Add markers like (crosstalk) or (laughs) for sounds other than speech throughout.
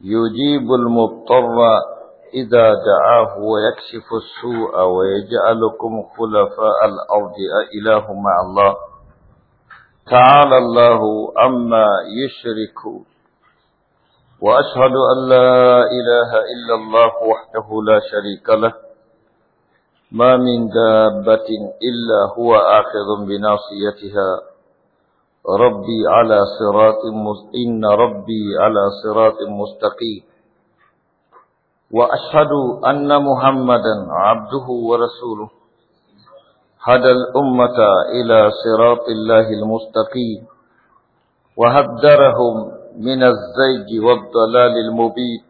يجيب المضطر إذا دعاه ويكشف السوء ويجعلكم خلفاء الأرض أإله مع الله تعالى الله عما يشركون وأشهد أن لا إله إلا الله وحده لا شريك له ما من دابة إلا هو آخذ بناصيتها ربي على صراط مستقيم إن ربي على صراط مستقيم وأشهد أن محمدا عبده ورسوله هدى الأمة إلى صراط الله المستقيم وهدرهم من الزيج والضلال المبين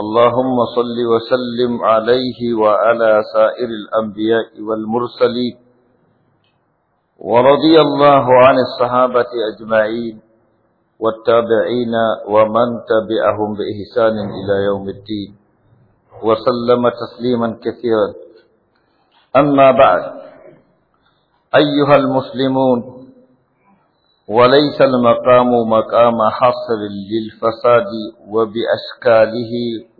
اللهم صل وسلم عليه وعلى سائر الأنبياء والمرسلين ورضي الله عن الصحابة أجمعين والتابعين ومن تبعهم بإحسان إلى يوم الدين وسلم تسليما كثيرا أما بعد أيها المسلمون وليس المقام مقام حصر للفساد وبأشكاله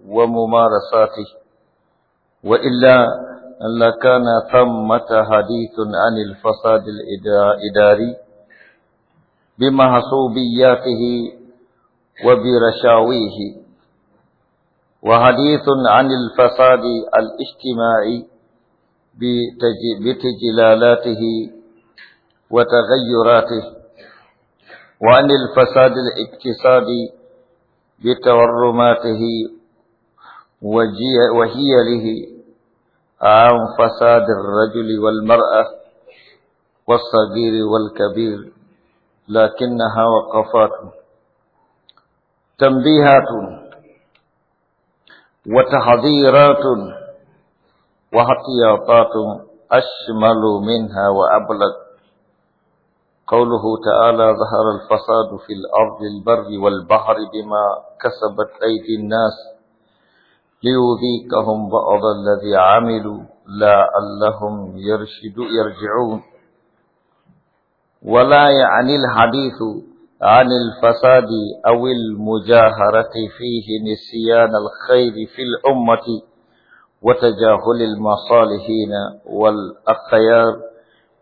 وممارساته وإلا لكان ثمة حديث عن الفساد الإداري بمحصوبياته وبرشاويه وحديث عن الفساد الاجتماعي بتجلالاته وتغيراته وعن الفساد الاقتصادي بتورماته وهيله عام فساد الرجل والمرأة والصغير والكبير لكنها وقفات تنبيهات وتحذيرات واحتياطات أشمل منها وأبلغ قوله تعالى ظهر الفساد في الأرض البر والبحر بما كسبت أيدي الناس ليذيقهم بعض الذي عملوا لعلهم يرشد يرجعون ولا يعني الحديث عن الفساد أو المجاهرة فيه نسيان الخير في الأمة وتجاهل المصالحين والأخيار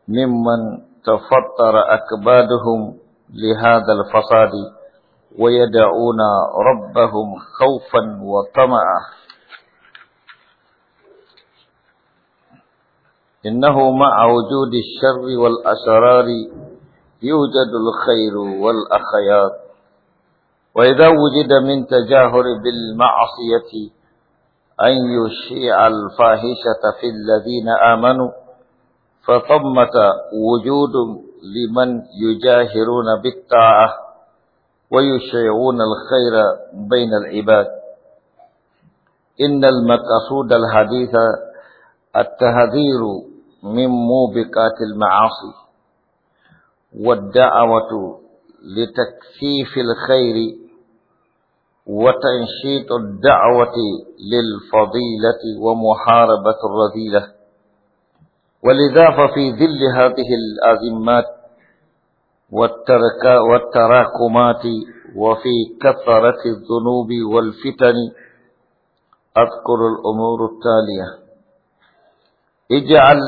ممن تفطر أكبادهم لهذا الفساد ويدعون ربهم خوفا وطمعا إنه مع وجود الشر والأشرار يوجد الخير والأخيار وإذا وجد من تجاهر بالمعصية أن يشيع الفاحشة في الذين آمنوا فثمة وجود لمن يجاهرون بالطاعة ويشيعون الخير بين العباد إن المقصود الحديث التهذير من موبقات المعاصي والدعوة لتكثيف الخير وتنشيط الدعوة للفضيلة ومحاربة الرذيلة ولذا ففي ظل هذه الأزمات والتراكمات وفي كثرة الذنوب والفتن أذكر الأمور التالية اجعل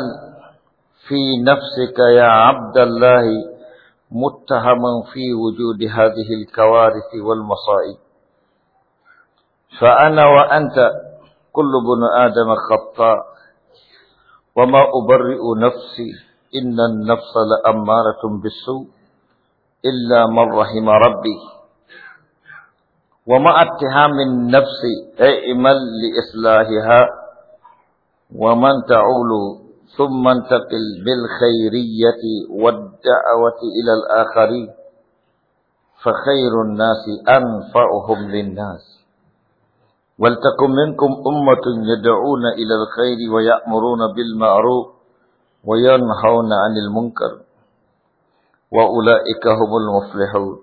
في نفسك يا عبد الله متهما في وجود هذه الكوارث والمصائب فأنا وأنت كل بن آدم خطاء وما أبرئ نفسي إن النفس لأمارة بالسوء إلا من رحم ربي ومع اتهام النفس اعمل لإصلاحها ومن تعول ثم انتقل بالخيرية والدعوة إلى الآخرين فخير الناس أنفعهم للناس ولتكن منكم أمة يدعون إلى الخير ويأمرون بالمعروف وينهون عن المنكر وأولئك هم المفلحون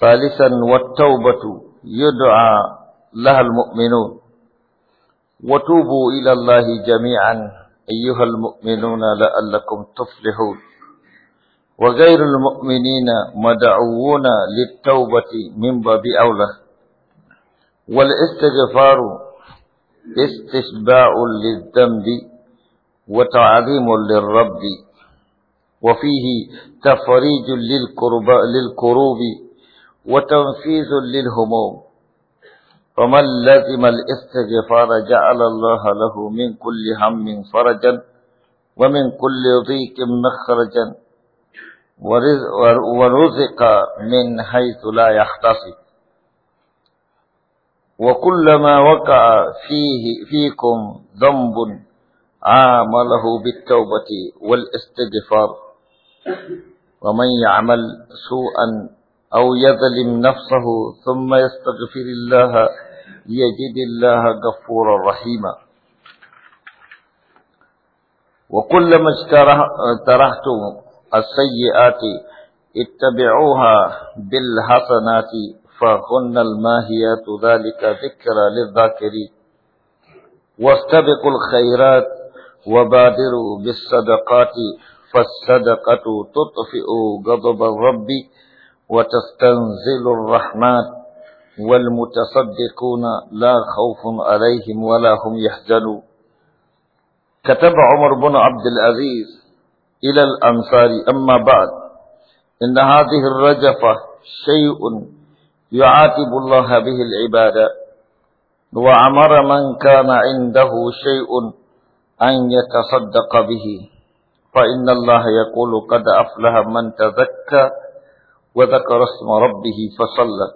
ثالثا والتوبة يدعى لها المؤمنون وتوبوا إلى الله جميعا أيها المؤمنون لعلكم تفلحون وغير المؤمنين مدعوون للتوبة من باب أولى والاستغفار استشباع للذنب وتعظيم للرب وفيه تفريج للكروب وتنفيذ للهموم فمن لزم الاستغفار جعل الله له من كل هم فرجا ومن كل ضيق مخرجا ورزق من حيث لا يحتسب وكلما وقع فيه فيكم ذنب عامله بالتوبة والاستغفار ومن يعمل سوءا أو يظلم نفسه ثم يستغفر الله يجد الله غفورا رحيما وكلما اجترحت السيئات اتبعوها بالحسنات فهن الماهيات ذلك ذكرى للذاكرين واستبقوا الخيرات وبادروا بالصدقات فالصدقة تطفئ غضب الرب وتستنزل الرحمات والمتصدقون لا خوف عليهم ولا هم يحزنون كتب عمر بن عبد العزيز إلى الأنصار أما بعد إن هذه الرجفة شيء يعاتب الله به العبادة وأمر من كان عنده شيء أن يتصدق به فإن الله يقول قد أفلح من تذكى وذكر اسم ربه فصلى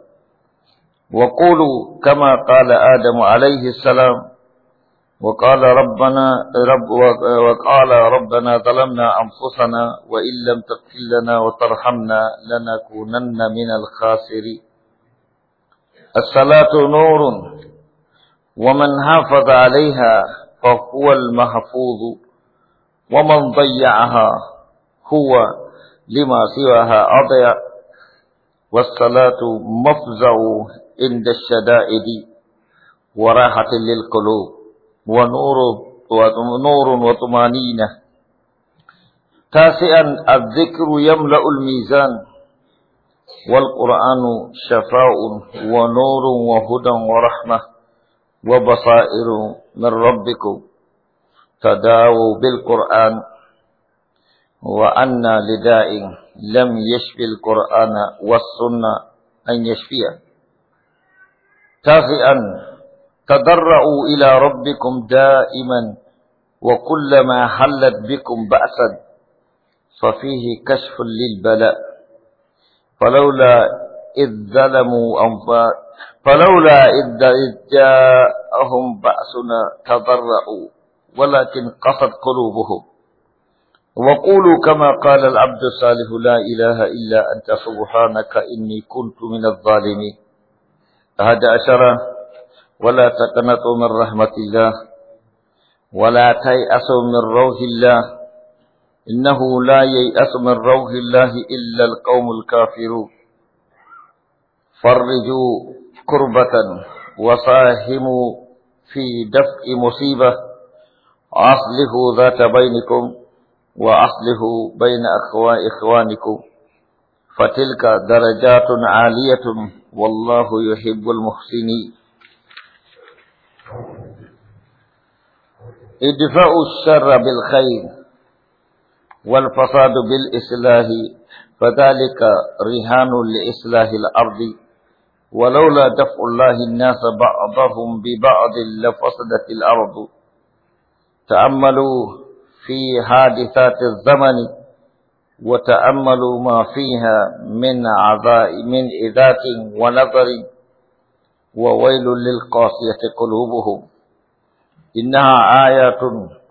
وقولوا كما قال آدم عليه السلام وقال ربنا رب وقال ربنا ظلمنا أنفسنا وإن لم تغفر لنا وترحمنا لنكونن من الخاسرين الصلاة نور ومن حافظ عليها فهو المحفوظ ومن ضيعها هو لما سواها أضيع والصلاة مفزع عند الشدائد وراحة للقلوب ونور ونور وطمانينة تاسعا الذكر يملأ الميزان والقرآن شفاء ونور وهدى ورحمة وبصائر من ربكم تداووا بالقرآن وأن لداء لم يشفي القرآن والسنة أن يشفيه تافئا تضرعوا إلى ربكم دائما وكلما حلت بكم بأسا ففيه كشف للبلاء فلولا إذ ظلموا أنفا فلولا إذ جاءهم بأسنا تضرعوا ولكن قصد قلوبهم وقولوا كما قال العبد الصالح لا إله إلا أنت سبحانك إني كنت من الظالمين أحد عشر ولا تقنطوا من رحمة الله ولا تيأسوا من روح الله إنه لا ييأس من روح الله إلا القوم الكافرون فرجوا كربة وساهموا في دفء مصيبة أصلحوا ذات بينكم وأصلحوا بين إخوانكم فتلك درجات عالية والله يحب المحسنين ادفاء الشر بالخير والفساد بالإصلاح فذلك رهان لإصلاح الأرض ولولا دفع الله الناس بعضهم ببعض لفسدت الأرض تأملوا في حادثات الزمن وتأملوا ما فيها من عذاب من إذات ونظر وويل للقاسية قلوبهم إنها آيات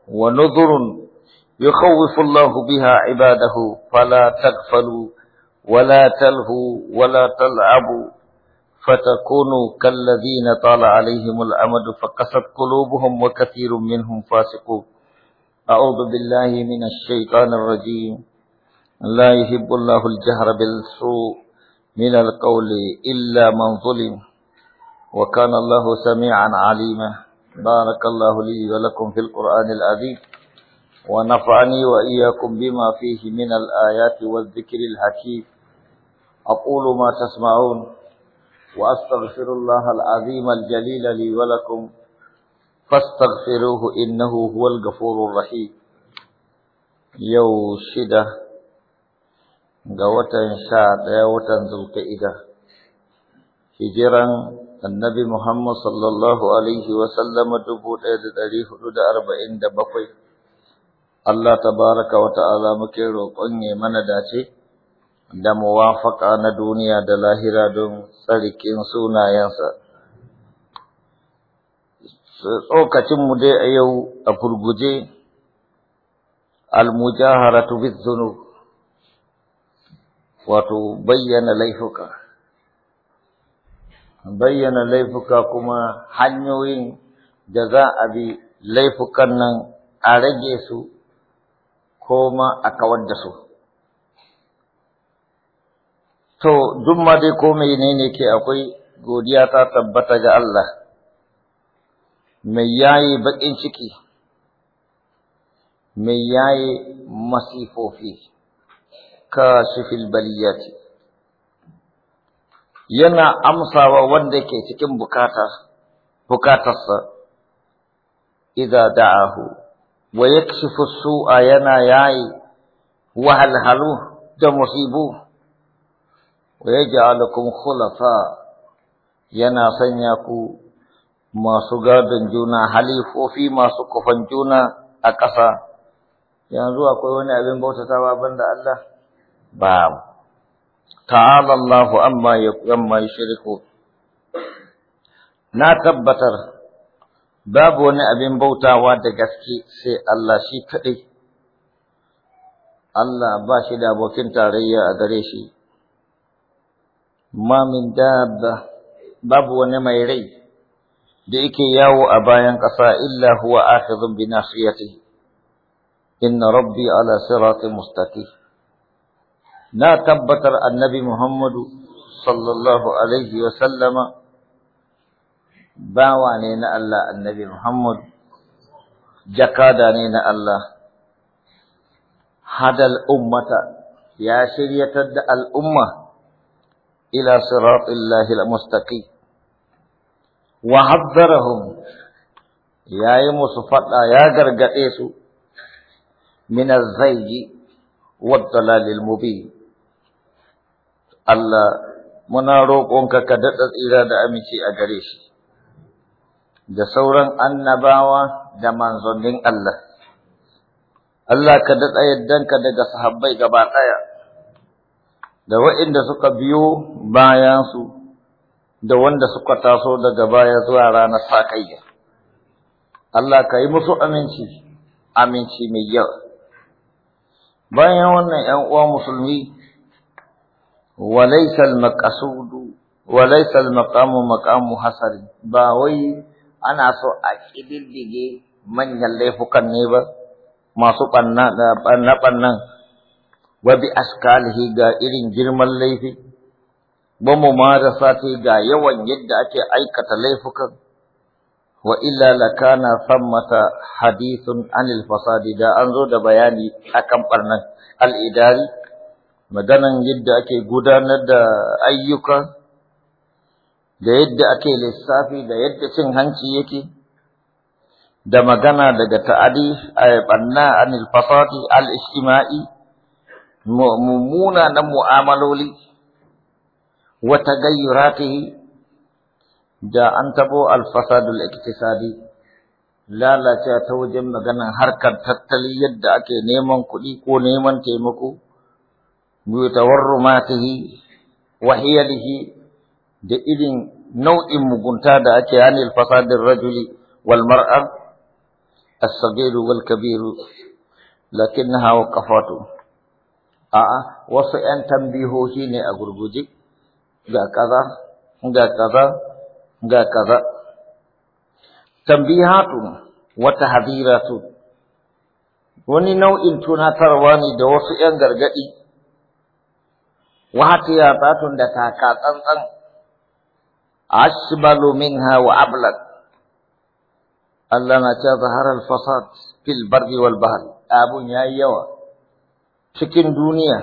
ونذر يخوف الله بها عباده فلا تغفلوا ولا تلهوا ولا تلعبوا فتكونوا كالذين طال عليهم الأمد فقست قلوبهم وكثير منهم فاسقون أعوذ بالله من الشيطان الرجيم لا يحب الله الجهر بالسوء من القول إلا من ظلم وكان الله سميعا عليما بارك الله لي ولكم في القرآن العظيم ونفعني وإياكم بما فيه من الآيات والذكر الحكيم أقول ما تسمعون وأستغفر الله العظيم الجليل لي ولكم فاستغفروه إنه هو الغفور الرحيم يوشده ga watan sha ɗaya watan zulka'ida hijiran annabi Muhammad sallallahu alaihi wasallama dubu ɗaya da ɗari hudu da arba'in da bakwai Allah tabaraka wa ta'ala muke roƙon ya mana dace da muwafaƙa na duniya da lahira don tsarkin sunayensa mu dai a yau a furguje al-mujaharatu bizunub wato bayyana laifuka bayyana laifuka kuma hanyoyin da za a bi laifukan nan a rage su ko ma a kawar da su to duk ma dai ko menene ke akwai godiya ta tabbata ga Allah mai yayi baƙin ciki mai yayi masifofi كاشف baliyati yana amsawa wanda ke cikin bukata bukatarsa idza da'ahu wa yakshifu su'a yana yayi wahalhalu da musibu wa yaj'alukum khulafa yana sanya ku masu gadon juna halifofi masu kufan juna a ƙasa yanzu akwai wani abin bautatawa banda Allah ba ta'ala Allahu amma yamma yushriku na tabbatar babu wani abin bautawa da gaske sai Allah shi kadai Allah ba shi da abokin tarayya a gare shi ma min dabba babu wani mai rai da yake yawo a bayan ƙasa illa huwa akhidhun bi nasiyatihi inna rabbi ala siratin mustaqim لا تبتر النبي محمد صلى الله عليه وسلم باوانين الله النبي محمد جكادانينا الله هذا الأمة يا شرية الأمة إلى صراط الله المستقيم وحذرهم يا يمصفت يا غرغتيسو من الزيج والضلال المبين Allah muna roƙonka ka daɗa tsira da amince a gare shi da sauran annabawa da manzonin Allah Allah ka daɗa yaddanka daga sahabbai gaba ɗaya da waɗanda suka biyo bayansu da wanda suka taso daga baya zuwa ranar saƙayya Allah ka yi musu aminci aminci mai yawa bayan wannan ‘yan uwa musulmi وليس المقصود وليس المقام مقام ba wai ana so a kididdige manyan laifukan ne ba masu ɓanna ɓannan wa bi ga irin girman laifi ba mu marasati ga yawan yadda ake aikata laifukan wa illa lakana sammata hadithun anil fasadi da an zo da bayani akan ɓarnan al'idari maganan yadda ake gudanar da ayyuka da yadda ake lissafi da yadda cin hanci yake da magana daga ta'adi a banna anil fasadi al ijtima'i mumuna na mu'amaloli wa tagayyuratihi da an tabo al fasadul iktisadi lalacewa ta wajen maganan harkar tattali yadda ake neman kuɗi ko neman taimako بتورماته وحيله بإذن نوع مقنتا دعتي عن الفساد الرجل والمرأة الصغير والكبير لكنها وقفات آه وسأن تنبيهوشين أقرقودي ga kaza ga كذا ga كذا tambihatun wa tahdiratun wani nau'in tunatarwa ne da wasu وهاتيا باتون داتا كاتان تان أشبل منها وأبلغ اللهم تظهر الفساد في البر والبحر أبو نيايو شكين دنيا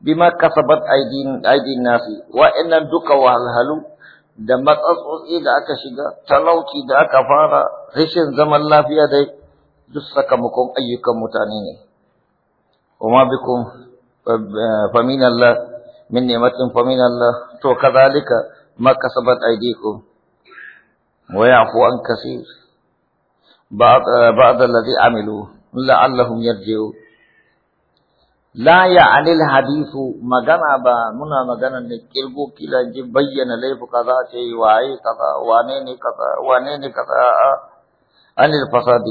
بما كسبت أيدين أيدين الناس وإن الدك والهلو دم تصوص إذا أكشيغا تلو تيدا كفارا رشن زمن الله في يدي جسك مكم أيكم متانيني وما بكم فمن الله من نعمة فمن الله تو كذلك ما كسبت أيديكم ويعفو عن كثير بعد بعد الذي عملوا لعلهم يرجعوا لا يعني الحديث مغنى با منا مغنى نكرغو كلا بين ليف قضاء شيء واي كذا وانين كذا وانين كذا عن الفساد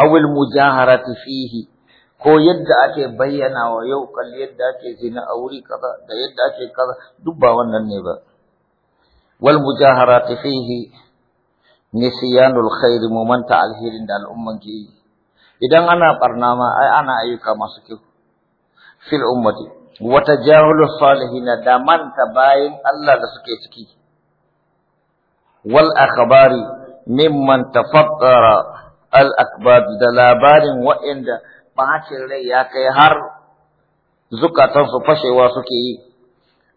او المجاهرة فيه ko yadda ake bayyana wa yau kalli yadda ake zina a wuri kaza da yadda ake kaza duk ba wannan ne ba wal mujaharati fihi nisyanul khair mu manta alherin da al'umman ke yi idan ana barna ai ana ayyuka masu kyau fil ummati wa tajahulu salihina da manta bayin Allah da suke ciki wal akhbari mimman tafakkara al akbab da labarin wa'inda bacin rai ya kai har zukatansu fashewa suke yi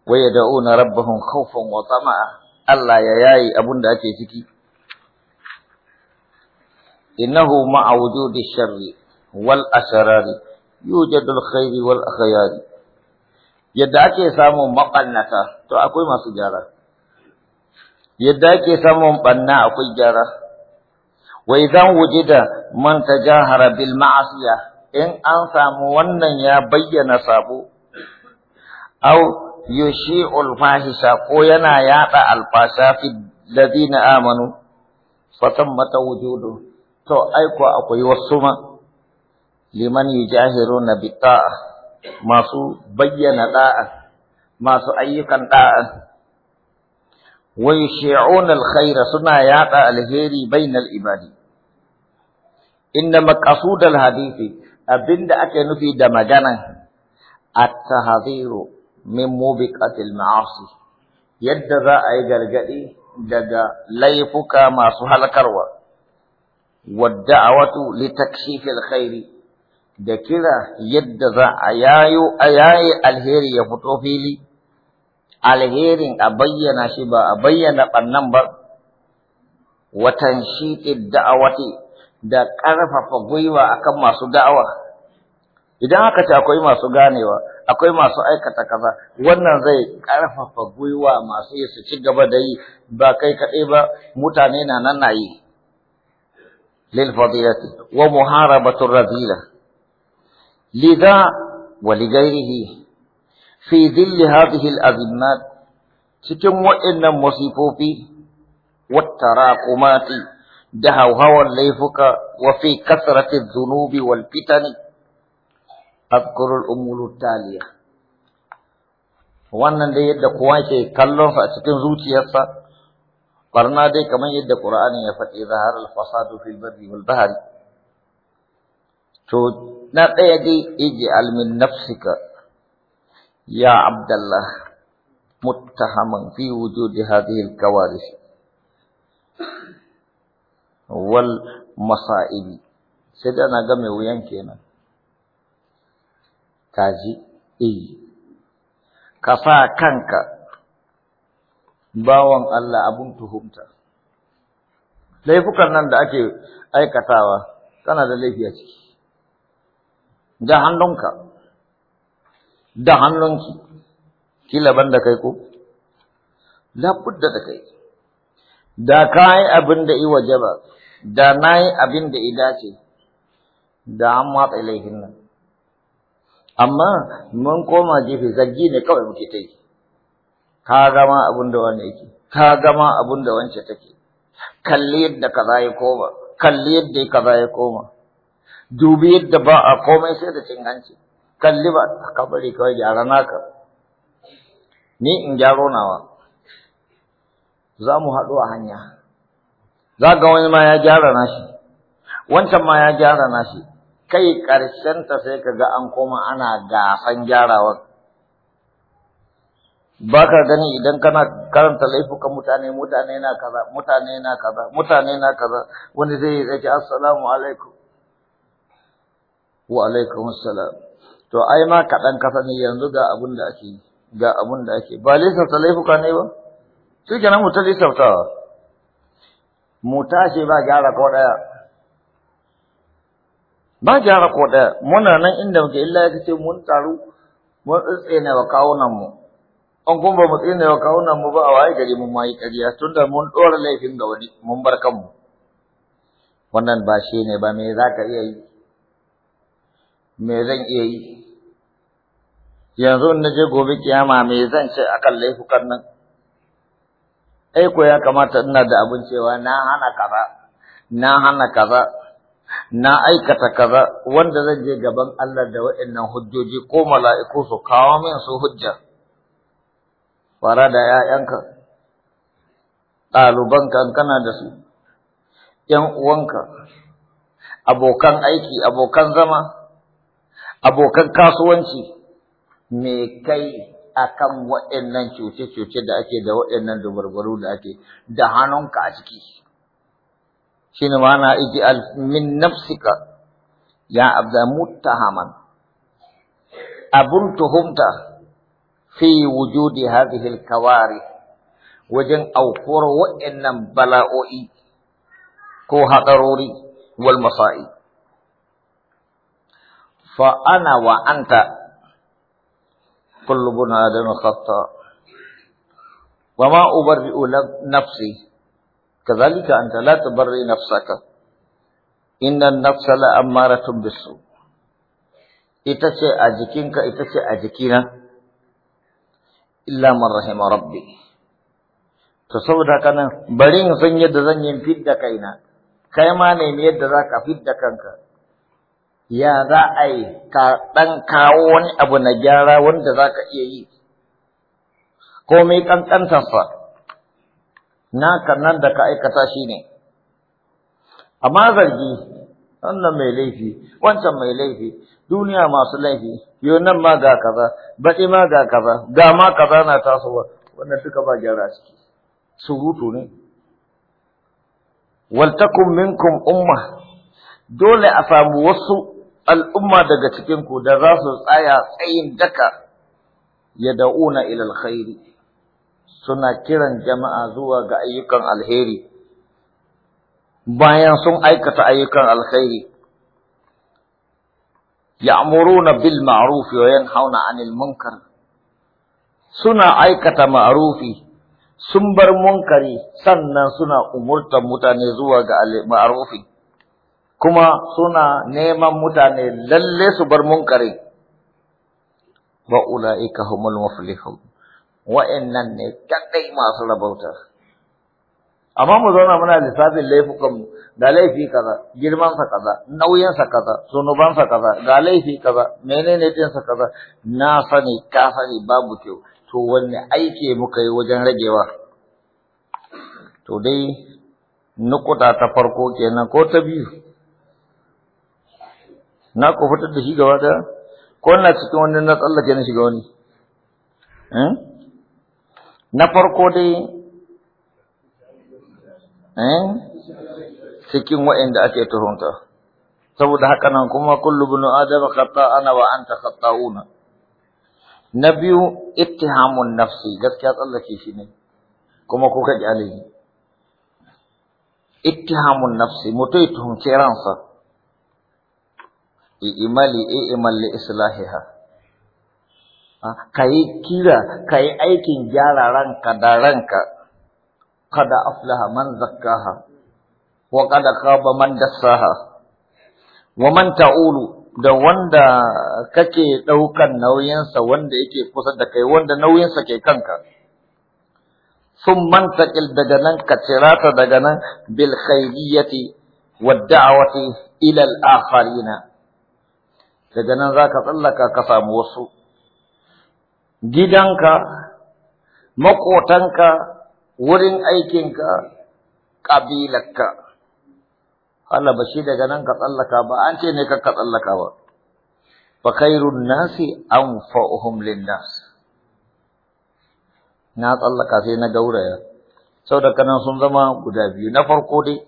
Waye wa yad'una rabbahum khawfan wa tama'a Allah ya yayi abin da ake ciki innahu ma'a wujudi sharri wal asrari yujadul khairi wal akhyari yadda ake samun maƙannata to akwai masu gyara yadda ake samun ɓanna akwai gyara wa idan wujida man tajahara bil ma'asiya in an samu wannan ya bayyana sabo au yushi'ul fahisha ko yana yada alfasha fi ladina amanu fatammata wujudu to aiko akwai wasu ma liman yujahiruna bi ta'a masu bayyana da'a masu ayyukan da'a ويشيعون الخير سنا يعطى الهيري بين العباد إن مقصود الحديث abinda ake nufi da maganan at-tahziru min mubiqatil ma'asi yadda za a yi gargadi daga laifuka masu halakarwa wadda'awatu li takshifil khairi da kira yadda za a yayo a alheri ya fito fili alherin a bayyana shi ba a bayyana bannan ba watan da'awati da ƙarfafa gwiwa akan masu da'awa idan aka ce akwai masu ganewa akwai masu aikata kaza wannan zai ƙarfafa gwiwa masu yi su ci gaba da yi ba kai kaɗai ba mutane na nan na yi lil fadilati wa muharabatu rabila lidha wa li ghairihi fi dhilli hadhihi al azimat cikin wa'annan musifofi wat tarakumati دهو هوا الليفك وفي كثرة الذنوب والفتن أذكر الأمور التالية وانا دي يد قوانك يكلم فأسكن زوتي يسا قرنا دي كمان يد قرآن يفتح ظهر الفساد في البر والبحر تو نقيا دي اجعل من نفسك يا عبد الله متهما في وجود هذه الكوارث wal masa'ibi sai da na ga mai wuyan kenan kaji eh ka sa kanka bawan Allah abun tuhumta laifukan nan da ake aikatawa kana da laifi a ciki da hannunka da hannunki kila banda kai ko labudda da kai da kai abin da i wajaba da na yi abin da ida ce, da an matsa laifin nan amma mun koma jefe zargi ne kawai muke ta yi ka gama abin da wani yake ka gama abin da wance take kalli yadda ka za koma kalli yadda ka ya koma dubi yadda ba a komai sai da cin hanci kalli ba ka bari kawai gyara naka ni in gyaro nawa za mu haɗu a hanya za ga wani ma ya gyara nashi wancan ma ya gyara nashi kai ta sai ka ga an koma ana gasan gyarawar ba ka gani idan kana karanta laifukan mutane mutane na kaza mutane na kaza mutane na kaza wani zai yi zaki assalamu alaikum wa alaikum assalam to ai ma kaɗan kasa ne yanzu ga abin da ake ga abin da ake ba lissafta laifuka ne ba shi kenan mutum lissaftawa mu tashi ba gyara ko ɗaya ba gyara ko ɗaya muna nan inda muke illa ya ce mun taru mun tsitsene wa kawunan mu an kuma ba mu tsine wa kawunan mu ba a waye gari mun ma yi ƙarya tunda mun ɗora laifin ga wani mun bar kanmu wannan ba shi ne ba me za ka iya yi me zan iya yi yanzu na je gobe kiyama me zan ce akan laifukan nan ai ko ya kamata ina da abin cewa na hana kaza na hana kaza na aikata kaza wanda zan je gaban Allah da wa'annan hujjoji ko mala'iku su kawo min su hujja fara da ‘ya'yanka ɗalibanka kana da su ‘yan uwanka abokan aiki abokan zama abokan kasuwanci me kai akan waɗannan cuce-cuce da ake da waɗannan dubarbaru da ake da hannunka a ciki shine mana ma'ana al min nafsika ya abda muttahaman abun tuhumta fi wujudi hadhihi al-kawari wajen aukuwar waɗannan bala'o'i ko hadarori wal masa'i fa ana wa anta كل بن آدم خطاء وما أبرئ نفسي كذلك أنت لا تبرئ نفسك إن النفس لأمارة بالسوء ita ce a jikinka ita ce a jikina illa man rahima rabbi to saboda kanan bari in san yadda zan yi fidda kaina kai ma ne yadda za ka fidda kanka ya za a yi ka ɗan kawo wani abu na gyara wanda za ka iya yi Ko komai ƙanƙantarsa naka nan da ka aikata shi ne amma zargi wannan mai laifi wancan mai laifi duniya masu laifi yau nan ma ga kaza baɗi ma ga kaza ga ma kaza na tasowa wannan duka ba gyara ciki surutu ne waltakum minkum umma dole a samu wasu al'umma daga cikin da za su tsaya tsayin daka yad'una ila alkhairi suna kiran jama'a zuwa ga ayyukan alheri bayan sun aikata ayyukan alkhairi ya'muruna bil ma'ruf wa yanhauna 'anil munkar suna aikata ma'rufi sun bar munkari sannan suna umurtar mutane zuwa ga ma'rufi kuma suna neman mutane lalle su bar munkari wa ulaika humul muflihun wa'annan ne kadai masu rabauta amma mu zauna muna lissafin laifukan da laifi kaza girman sa kaza nauyin sa kaza sa kaza ga laifi kaza menene sa kaza na sani ka sani babu kyau to wanne aike muka yi wajen ragewa to dai nukuta ta farko kenan ko ta biyu na kofatar da shi gaba daya ko na cikin wani na tsallake na shiga wani eh? na farko dai eh? cikin wa'inda ake tuhunta saboda haka nan kuma kullu bin adama ana wa anta khata'una na biyu ittihamun nafsi gaskiya tsallake shi ne kuma kuka kaji alihi ittihamun nafsi mutai tuhumce ransa i'imali i'mal islahiha kai kira kai aikin gyara ranka da ranka kada aflaha man zakkaha wa kada khaba man dassaha wa man ta'ulu da wanda kake daukan nauyinsa wanda yake kusa da kai wanda nauyinsa ke kanka sun mantaƙil daga nan ka cirata daga nan bil khairiyyati wad da'wati ila al-akharina daga nan za ka tsallaka ka samu wasu gidanka maƙotanka wurin aikinka ƙabilarka Allah ba shi daga nan ka tsallaka ba an ce ne ka tsallaka ba fa khairun nasi anfa'uhum lin na tsallaka sai na gauraya Sau da kanan sun zama guda biyu na farko dai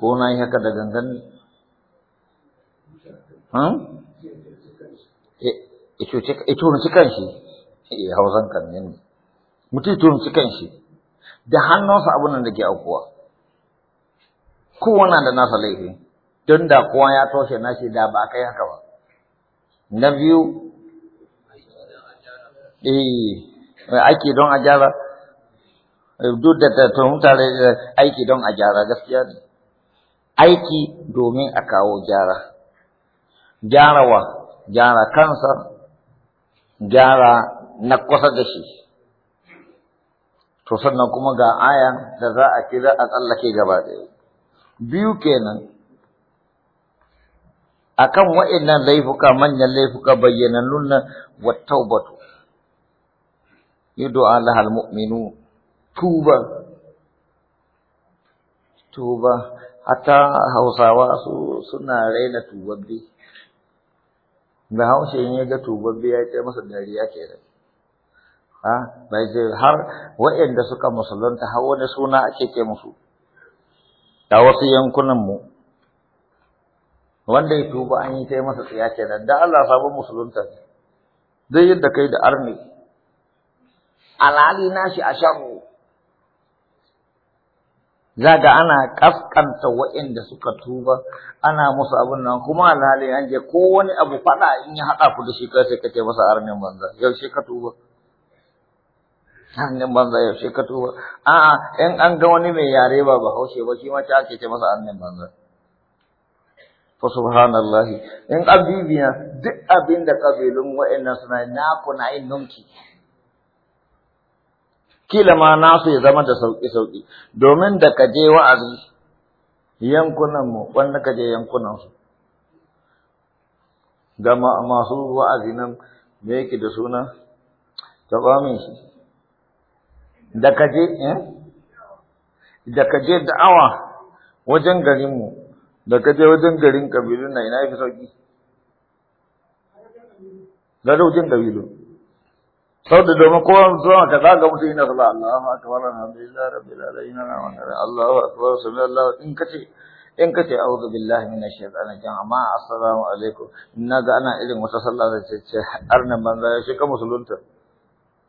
ko na yi haka da gangan Itunci kanshi, eh, hausan kan ne. Mutum itunci kanshi, da hannunsa abin da ke aukuwa. Kowa na da nasa laifi, don da kowa ya toshe nashi da ba kai haka ba. Na biyu, eh, ake don a gyara, eh, duk da tuhumtar eh, aiki don a gyara gaskiya ne. Aiki domin a kawo gyara. gyara wa gyara kansa gyara na kusa da shi to sannan kuma ga aya da za a kira a tsallake gaba ɗaya biyu kenan akan wa'annan laifuka manyan laifuka nuna wa taubatu yadda Allah almu'minu tuba tuba hatta hausawa su suna raina tubabbi Bahaushe in ya ga tubabbe ya kai masa dariya kenan. Ha, bai ce har waɗanda suka musulunta har wani suna ake ke musu. da wasu yankunan mu wanda ya tuba an yi kai masa tsiya kenan da Allah sabon musulunta ne. zai yadda kai da arni alali nashi a sharru za ga ana kaskanta waɗanda suka tuba ana musu abin nan kuma alhali an je ko wani abu faɗa in ya haɗa ku da shi kai sai kace masa arnin banza yaushe ka tuba arnin banza yaushe ka tuba a'a in an ga wani mai yare ba ba haushe ba shi ma ta ake ce masa arnin banza fa subhanallahi in abibiya duk abin da kabilun wa'annan suna na yin nunki kila ma nasu ya zama da sauƙi-sauƙi domin da ka je wa'azi yankunanmu wanda ka je yankunansu ga masu wa'azi nan me yake da suna ta ƙwamin shi da ka je eh? da ka je da'awa wajen garinmu da ka je wajen garin ƙabilun na ina yake sauƙi ga wajen ƙabilun saboda domin kowa zuwa ka zaga mutum yana sallah ta wala alhamdulillah rabbil alamin Allahu akbar sami Allahu in kace in kace a'udhu billahi minash shaitani rajim amma assalamu alaikum ga ana irin wata sallah da ce arnan banza shi ka musulunta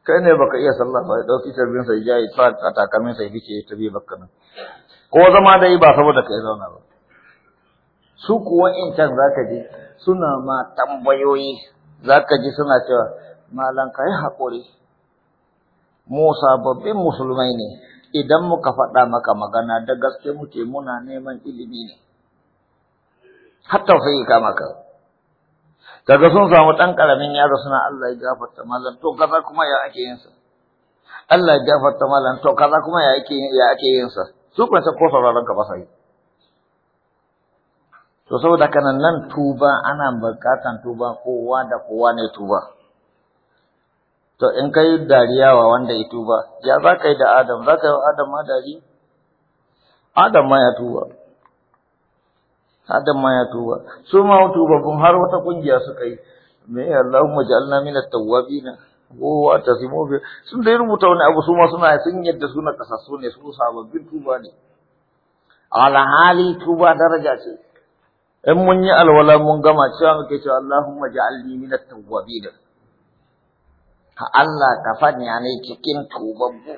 kai ne baka iya sallah ba dauki tarbin sai ya yi ta takamin sai fice ta bi baka nan ko zama dai ba saboda kai zauna ba su kuwa in can zaka ji suna ma tambayoyi zaka ji suna cewa malan ka yi haƙuri Musa sababbin musulmai ne idan muka faɗa maka magana da gaske muke muna neman ilimi ne hatta sai ka maka daga sun samu ɗan ƙaramin yaro suna Allah ya gafarta malam to kaza kuma ya ake yin sa Allah ya gafarta malam to kaza kuma ya ake ya ake yin sa su kuma ta kofar ranar ka ba sai to saboda kana nan tuba ana buƙatan tuba kowa da kowa ne tuba To in ka yi dariya wa wanda ya tuba, ya za ka yi da Adam, za ka yi wa Adam ma dari? Adam ma ya tuba. Adam ma ya tuba. Su ma tubabun har wata ƙungiya suka yi. Me ya Allahumma ja'alna min at-tawwabin wa tasimu bi sun dai rubuta wani abu su ma suna sun yadda suna kasassu ne su sababbin tuba ne. Alhali tuba daraja ce. In mun yi alwala mun gama cewa muke cewa Allahumma ja'alni min tawwabin ka Allah ka fanya ne cikin tubabbu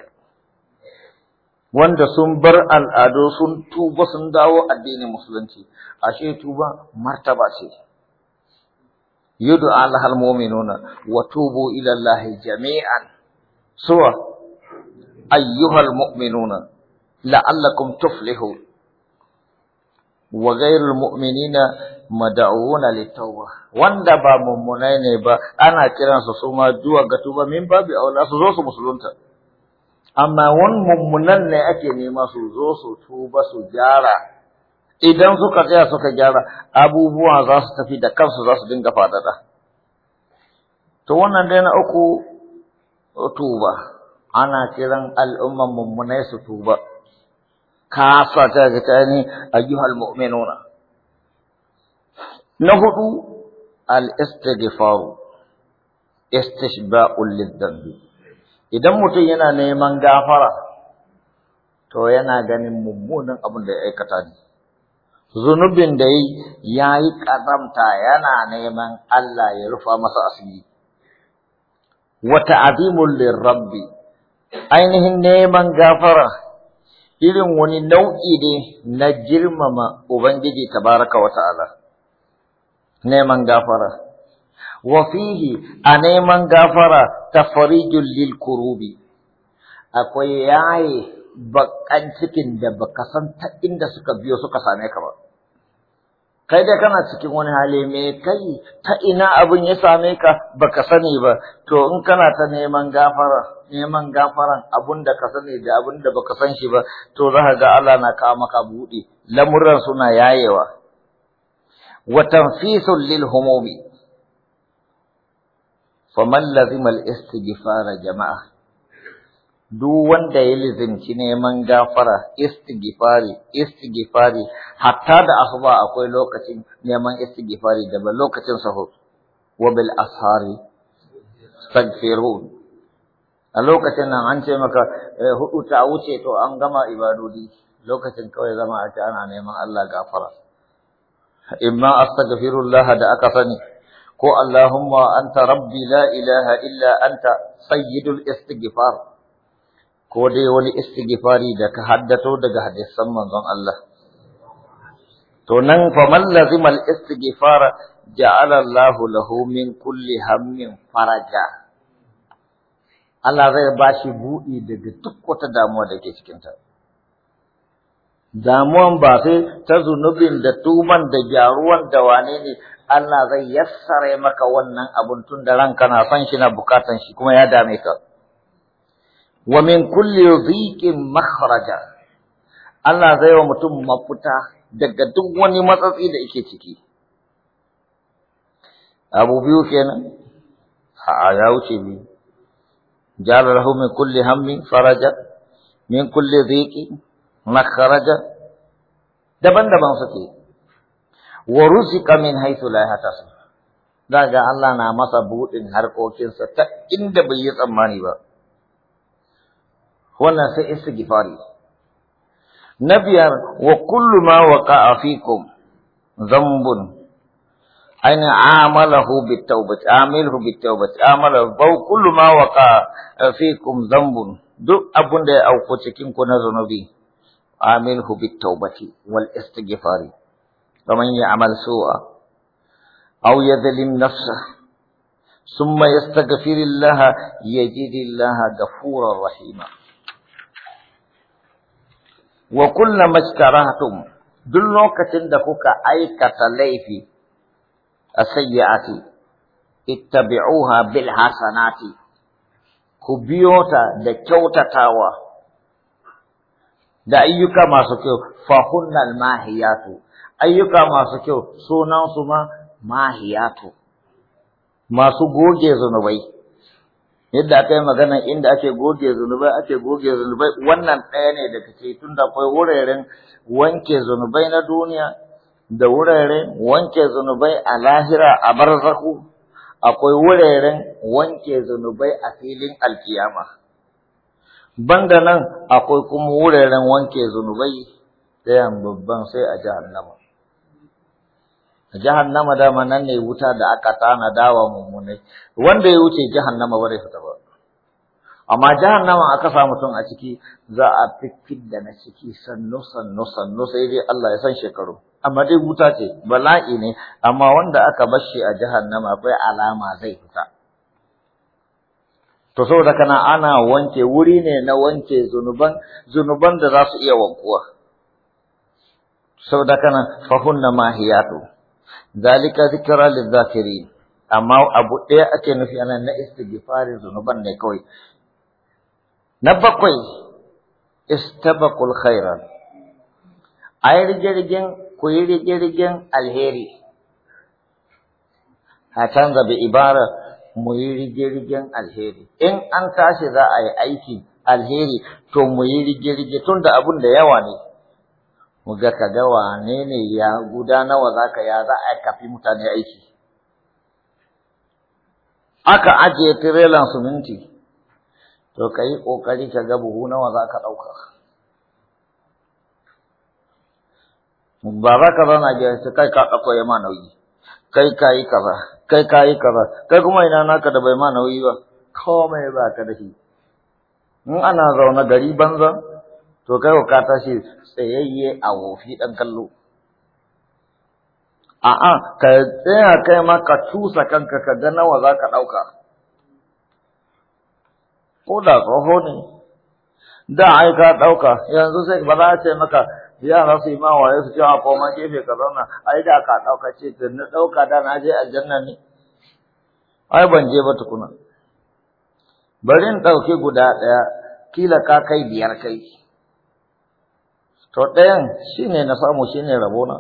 wanda sun bar al'adu sun tuba sun dawo addinin musulunci ashe tuba martaba ce yud'a lahal mu'minuna wa tubu ila Allah jami'an suwa ayyuhal mu'minuna la'allakum tuflihun wa ghayrul mu'minina mad'una litawba wanda ba mummunai ne ba ana kiransu su suma duwa ga tuba min babu aula su zo su musulunta amma wani mummunan ne ake nema su zo su tuba su gyara idan suka tsaya suka gyara abubuwa za su tafi da kansu za su dinga fadada to wannan dai na uku tuba ana kiran al'umman mummunai su tuba kasa ta ga tani ayyuhal mu'minuna na hudu al-istighfaru istishba'ul lidhambi idan mutum yana neman gafara to yana ganin mummunan abin da ya aikata ne zunubin da ya yi ƙazamta, yana neman Allah ya rufa masa asiri wa ta'zimul Rabbi? ainihin neman gafara irin wani nau'i ne na girmama ubangiji ta baraka wata ta'ala neman gafara wa fihi a neman gafara ta farijin lil kurubi akwai yaye bakan cikin da baka san ta inda suka biyo suka same ka ba kai dai kana cikin wani hali me kai ta ina abin ya same ka baka sani ba to in kana ta neman gafara neman gafaran abun da ka sani da abun da baka san shi ba to za ga Allah na kawo maka buɗe lamuran suna yayewa wa tanfisun lil humumi faman lazima jama'a duk wanda ya lizinci neman gafara istigifari, istighfari hatta da asuba akwai lokacin neman istighfari da ba lokacin saho wa bil ashari tagfirun a lokacin nan an ce maka eh, hudu ta wuce to an gama ibadodi lokacin kawai zama a ana neman Allah gafara imma astaghfirullah da aka sani ko Allahumma anta rabbi la ilaha illa anta sayyidul istighfar ko dai wani istighfari da ka haddato daga hadisan manzon Allah to nan fa man lazimal istighfara ja'ala Allahu lahu min kulli hammin faraja Allah zai bashi buɗi daga duk wata damuwa da ke cikinta. ta damuwan ba sai ta zunubin da tuban da gyaruwan da wane ne Allah zai yassare maka wannan abun tun da ranka na san shi na bukatan shi kuma ya dame ka wa min kulli dhiqin makhraja Allah zai wa mutum mafuta daga duk wani matsatsi da yake ciki abu biyu kenan a ya wuce biyu min kulli hammi faraja min kulli dhiqin مخرج دبن دبن سکی ورزق من حيث لا تحسب داغا الله نا مسا بوتين هر كوكين ستا اند بي تماني با هو نا سي استغفاري نبي وكل ما وقع فيكم ذنب اين عمله بالتوبه عمله بالتوبه عمله بو كل ما وقع فيكم ذنب دو ابون دي او كوتشكين كو نزنوبي عامله بالتوبة والاستغفار فمن يعمل سوءا أو يظلم نفسه ثم يستغفر الله يجد الله غفورا رحيما وكل ما duk lokacin da أي aikata laifi a sayyi'ati ittabi'uha bil hasanati ku da ayyuka masu kyau fahunnal mahiyatu ayyuka masu kyau sunan su ma mahiyatu masu goge zunubai yadda aka yi magana inda ake goge zunubai ake goge zunubai wannan ɗaya ne daga tun tunda akwai wuraren wanke zunubai na duniya da wuraren wanke zunubai a lahira a barzaku akwai wuraren wanke zunubai a filin alkiyama banda nan akwai kuma wuraren wanke zunubai ɗayan babban sai a jahannama a jahannama dama nan ne wuta da aka tana dawa mummunai wanda ya wuce jahannama ba zai fita ba amma jahannama aka sa mutum a ciki za a fiffid da na ciki sannu sannu sannu sai dai Allah ya san shekaru amma dai wuta ce bala'i ne amma wanda aka bashi a a jahannama akwai alama zai fita to saboda kana ana wanke wuri ne na wanke zunuban zunuban da za su iya wankuwa saboda kana na mahiyatu zalika zikra lizakirin amma abu ɗaya ake nufi ana na istighfarin zunuban ne kawai na bakwai istabaqul A ayi rigirgin ku yi rigirgin alheri a canza bi ibara mu yi rige alheri in an tashi za a yi aiki alheri to mu yi rige-rige tun da abun da yawa ne mu ga ka ga wane ne ya guda nawa za ka ya za a kafi mutane aiki aka ajiye tirelan siminti to ka yi ƙoƙari ka ga buhu nawa za ka ɗauka ba za ka zauna gida kai ka ɗauko ya ma nauyi kai ka yi kaza kai ka yi kaza kai kuma ina naka da bai ma nauyi ba komai ba ka da shi in ana zaune gari banza to kai ka tashi tsayayye a wofi dan kallo a'a ka tsaya kai ma ka tusa kanka ka ga nawa za ka ɗauka ko da tsoho ne da ai ka ɗauka yanzu sai ba za a ce maka yara su yi ma waye su ce a koma gefe ka zauna ai da ka ɗauka ce na ɗauka da na je aljanna ne ai ban je ba tukuna bari in ɗauki guda ɗaya kila ka kai biyar kai to ɗayan shine na samu shine rabona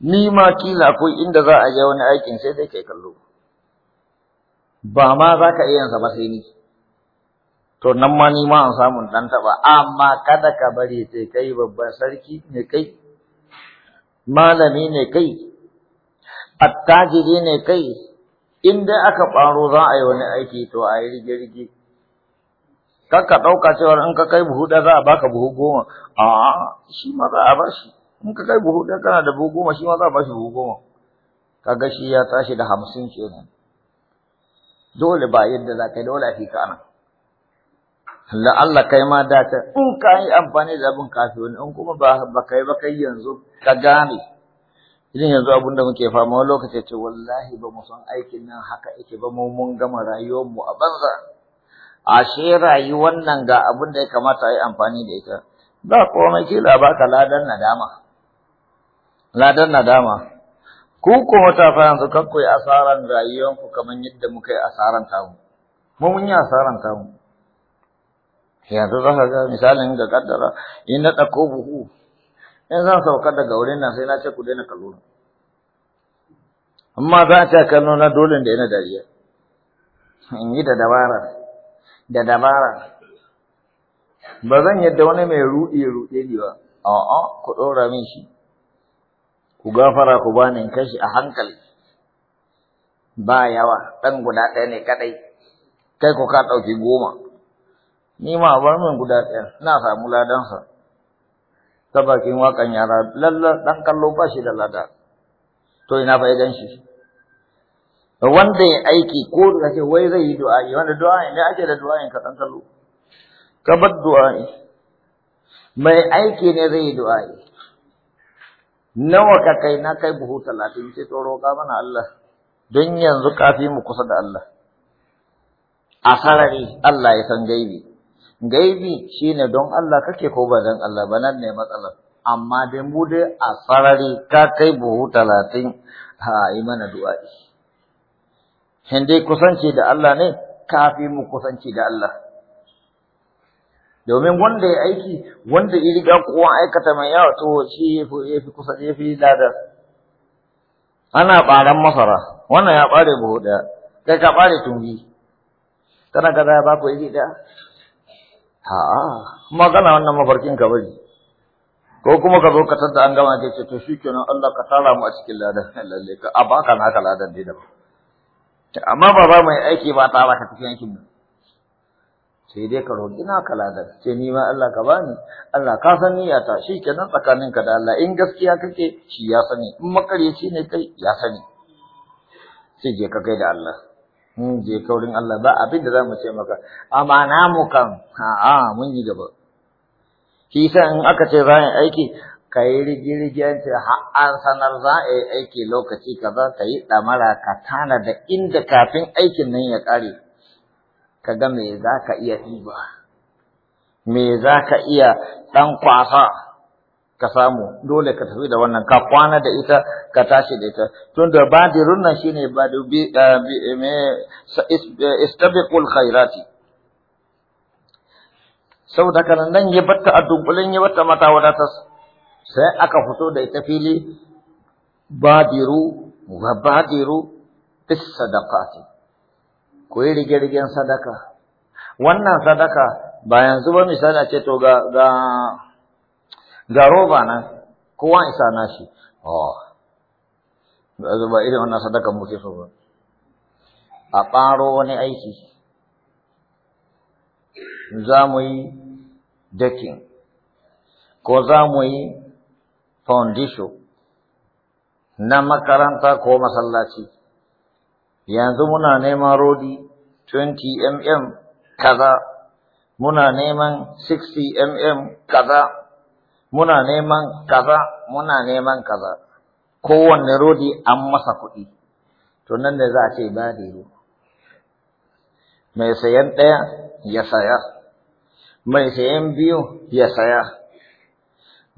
ni ma kila akwai inda za a je wani aikin sai dai kai kallo ba ma za ka iya yansa ba sai ni to nan ma ni ma an samu dan taba amma kada ka bari sai kai babban sarki ne kai malami ne kai attajiri ne kai in dai aka ɓaro za a yi wani aiki to a yi rige-rige kar ka ɗauka cewar in ka kai buhu ɗaya za a baka buhu goma a shi ma za a bashi in ka kai buhu ɗaya kana da buhu goma shi ma za a bashi buhu goma kaga shi ya tashi da hamsin kenan dole ba yadda za ka yi dole a fi ka la'alla kai ma da ta in ka yi amfani da abin kafi wani in kuma ba ba kai ba kai yanzu ka gane idan yanzu abin da muke fama wani lokaci ce wallahi ba mu san aikin nan haka yake ba mu mun gama rayuwar mu a banza ashe rayuwar nan ga abin da ya kamata a yi amfani da ita ba komai kila baka ladan nadama ladan nadama ku ko ta fa yanzu kakkoi asaran rayuwar ku kamar yadda muka yi asaran tamu mu mun yi asaran tamu yanzu za ka ga misalin ga kaddara in na ɗauko buhu in zan sauka daga wurin nan sai na ce ku daina kallo amma za a ce kallo na dole da yana dariya in yi da dabara da dabara ba zan yadda wani mai ruɗe ruɗe ne ba a'a ku ɗora min shi ku gafara ku bani in kashi a hankali ba yawa ɗan guda ɗaya ne kaɗai kai ku ka ɗauki goma ni ma bar min guda ɗaya na samu ladansa ta bakin waƙan yara lalla ɗan kallo ba shi da lada to ina fa'idan shi wanda ya aiki ko da ce wai zai yi du'a'i wanda du'a ne ake da du'a ka ɗan kallo ka bar ne. mai aiki ne zai yi du'a'i nawa ka kai na kai buhu talatin ce to roƙa mana Allah don yanzu kafi mu kusa da Allah a sarari Allah ya san gaibi gaibi shine don Allah kake ko ba don Allah ba nan ne matsalar amma dai mu dai a sarari ka kai buhu talatin a yi mana du'a'i shin kusanci da Allah ne ka mu kusanci da Allah domin wanda ya aiki wanda ya riga kowa aikata mai yawa to shi ya fi kusa ya fi ana ɓaran masara wannan ya ɓare buhu ɗaya kai ka ɓare tungi kana gada ya ba ku iri ɗaya A'a, kuma kana wannan mafarkin ka bari. Ko kuma ka zo ka tadda an gama ke ce to shikenan Allah ka tara mu a cikin ladan (laughs) lalle ka a baka naka ladan dai da Amma ba ba mai aiki ba ta ba ka cikin yankin mu. Sai dai ka roƙi naka ladan. Ce ni ma Allah ka bani. Allah ka san niyyata shikenan tsakaninka da Allah in gaskiya kake shi ya sani in makaryaci ne kai ya sani. Sai je ka kai da Allah. mun je kaurin Allah ba abin da za mu ce maka amma mu kan a'a mun yi gaba shi yasa in aka ce za aiki ka yi rigirgiyar ce an sanar za a yi aiki lokaci kaza ka yi ɗamara ka tana da inda kafin aikin nan ya ƙare ka ga me za ka iya ɗiba me za ka iya ɗan kwasa ka samu dole ka tafi da wannan ka kwana da ita ka tashi da ita tunda da badirun nan shine badu bi eh, eh, me eh, istabiqul khairati saboda nan ya batta a dunkulen ya batta mata wadata sai aka fito da ita fili badiru wa badiru bis sadaqati ku rige-rigen sadaka wannan sadaka ba yanzu ba misali a ce to ga ga roba nan kowa isa nashi oh ba irin wannan sadaka muke so ba a ɓaro wani aiki za mu yi dakin ko za mu yi foundation na makaranta ko masallaci yanzu muna neman rodi 20 mm kaza muna neman 60 mm kaza muna neman kaza muna neman kaza kowanne rodi an masa kuɗi to nan da za a ce ba daidai, mai sayan ɗaya ya saya mai sayan biyu ya saya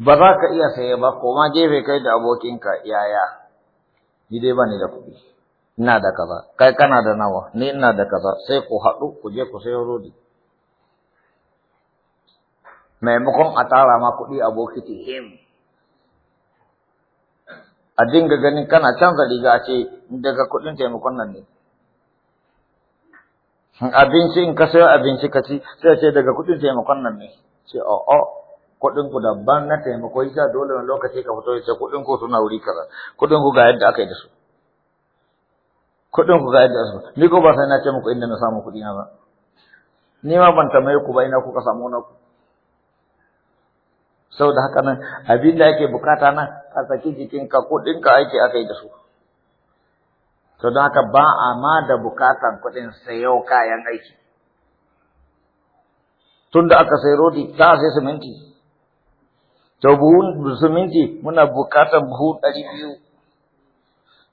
ba za ka iya saye ba koma jefe kai da abokinka yaya ni dai ba ni da kuɗi ina da kaza kai kana da nawa ni ina da kaza sai ku haɗu ku je ku sayo rodi maimakon a tara ma kuɗi a bokiti him a dinga ganin kana canza riga a ce daga kuɗin taimakon nan ne abinci in ka sayo abinci ka ci sai ce daga kuɗin taimakon nan ne ce o'o kuɗin ku daban na taimako sa dole wani lokaci ka fito yace kuɗin ku suna wuri kaza kuɗin ku ga yadda aka yi da su kuɗin ku ga yadda su ni ko ba sai na ce muku inda na samu kuɗi na ba ni ma ban tambaye ku ba ina kuka samu na ku saboda haka nan abin da ake bukata na a saki jikinka ko ɗinka aiki aka yi da su to don haka ba a ma da bukatan kuɗin sayo kayan aiki tunda aka sai rodi ta sai siminti to buhun siminti muna bukatan buhu ɗari biyu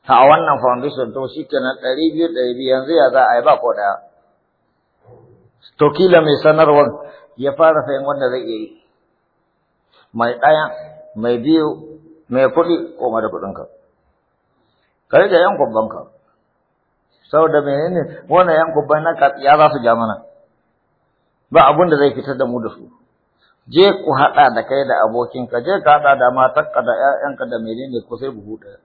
a wannan foundation to shi kenan ɗari biyu ɗari biyu yanzu ya za a yi ba ko ɗaya to kila mai sanarwar ya fara sayan wanda zai iya yi mai ɗaya mai biyu mai kuɗi mai da kuɗinka kai da yan da saboda ne wannan yan kubban na ya za su ja mana ba abun da zai fitar da mu da su je ku haɗa da kai da abokinka je ka haɗa da matarka da 'ya'yanka da ne ku sai buhu ɗaya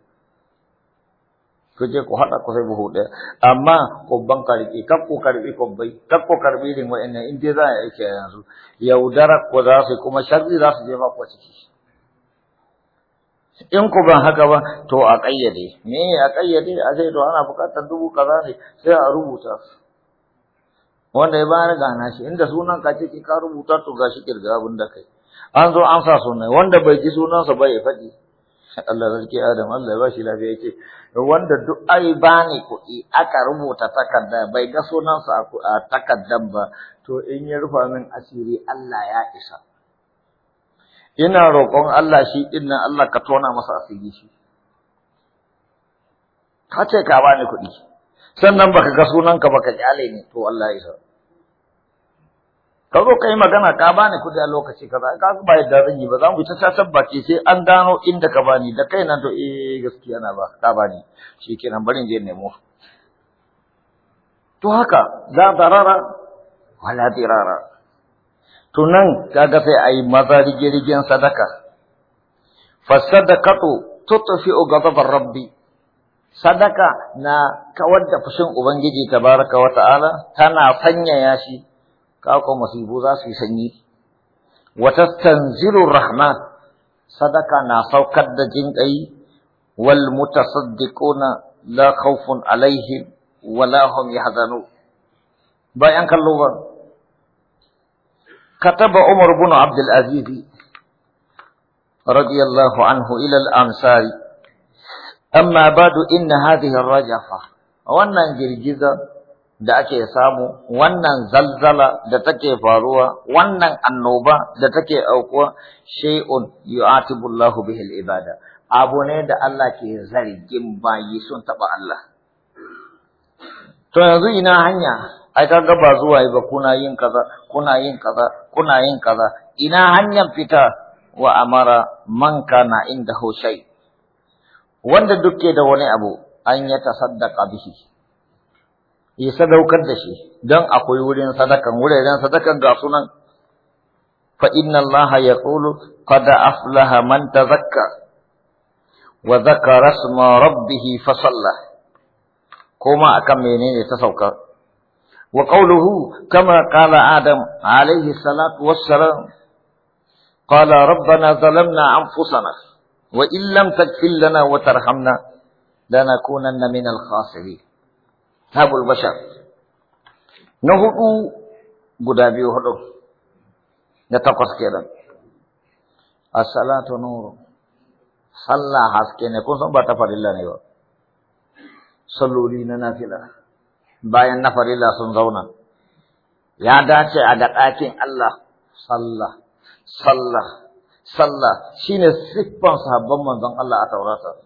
ku je ku haɗa eh, ku sai buhu ɗaya amma kubban ka riƙe kar ku karɓi bai kar ko karɓi irin wa'annan in dai za a yanzu? a yanzu yaudarar ku za su kuma sharri za su ba ko ciki in ku ban haka ba to a ƙayyade me a ƙayyade a sai to ana buƙatar dubu kaza ne sai a rubuta wanda ya bayar na shi inda sunan ka ce ka rubuta to gashi kirga abin da kai an zo an sa sunan wanda bai ji sunansa ba ya faɗi (laughs) Allah zarki Adam Allah ya bashi lafiya yake wanda duk ai bani kuɗi aka rubuta takarda bai ga sunansa a takardan ba to in ya rufa min asiri Allah ya isa ina roƙon Allah shi dinnan Allah ka tona masa asiri shi ka ce ka bani kuɗi sannan baka ga sunanka baka kyale ni to Allah ya isa ka zo ka yi magana ka bani kuɗi a lokaci kaza ka ba yadda zan yi ba za mu ta ta tabbace sai an gano inda ka bani da kai nan to eh gaskiya na ba ka bani shikenan bari je nemo to haka za darara wala dirara to nan kaga sai ayi maza rige-rigen sadaka fasadakatu tutfi'u ghadab rabbi sadaka na kawar da fushin ubangiji tabaraka wa ta'ala tana sanyaya shi kako musibu za su yi sanyi wa tastanzilu rahmat sadaka na saukar da jinƙai wal mutasaddiquna la khawfun alaihim wa la hum yahzanun bayan kallo ba kataba umar ibn abd al-aziz radiyallahu anhu ila al-ansari amma ba'du inna hadhihi ar-rajafa wannan girgiza da ake samu wannan zalzala da take faruwa wannan annoba da take aukuwa shay'un yu'atibu Allahu bihil ibada abu ne da Allah ke zargin bayi sun taba Allah to yanzu ina hanya ai kaga ba zuwa ba kuna yin kaza kuna yin kaza kuna yin kaza ina hanyar fita wa amara man kana inda shay wanda dukke da wani abu an ya tasaddaqa bihi ya sadaukar da shi dan akwai wurin sadakan wuraren sadakan ga sunan fa inna allaha yaqulu qad aflaha man tazakka wa zakara isma rabbih fa salla kuma akan menene ta sauka wa qawluhu kama qala adam alayhi salatu wassalam qala rabbana zalamna anfusana wa illam taghfir lana wa tarhamna lanakunanna minal khasirin habul bashar na hudu guda biyu hudu na takwas kenan as-salatu nuru sallah haske ne kun san ba ta farilla ne ba salloli na nafila bayan na farilla sun zauna ya dace a da ɗakin Allah sallah salla salla shine siffan sahabban manzon Allah a taurata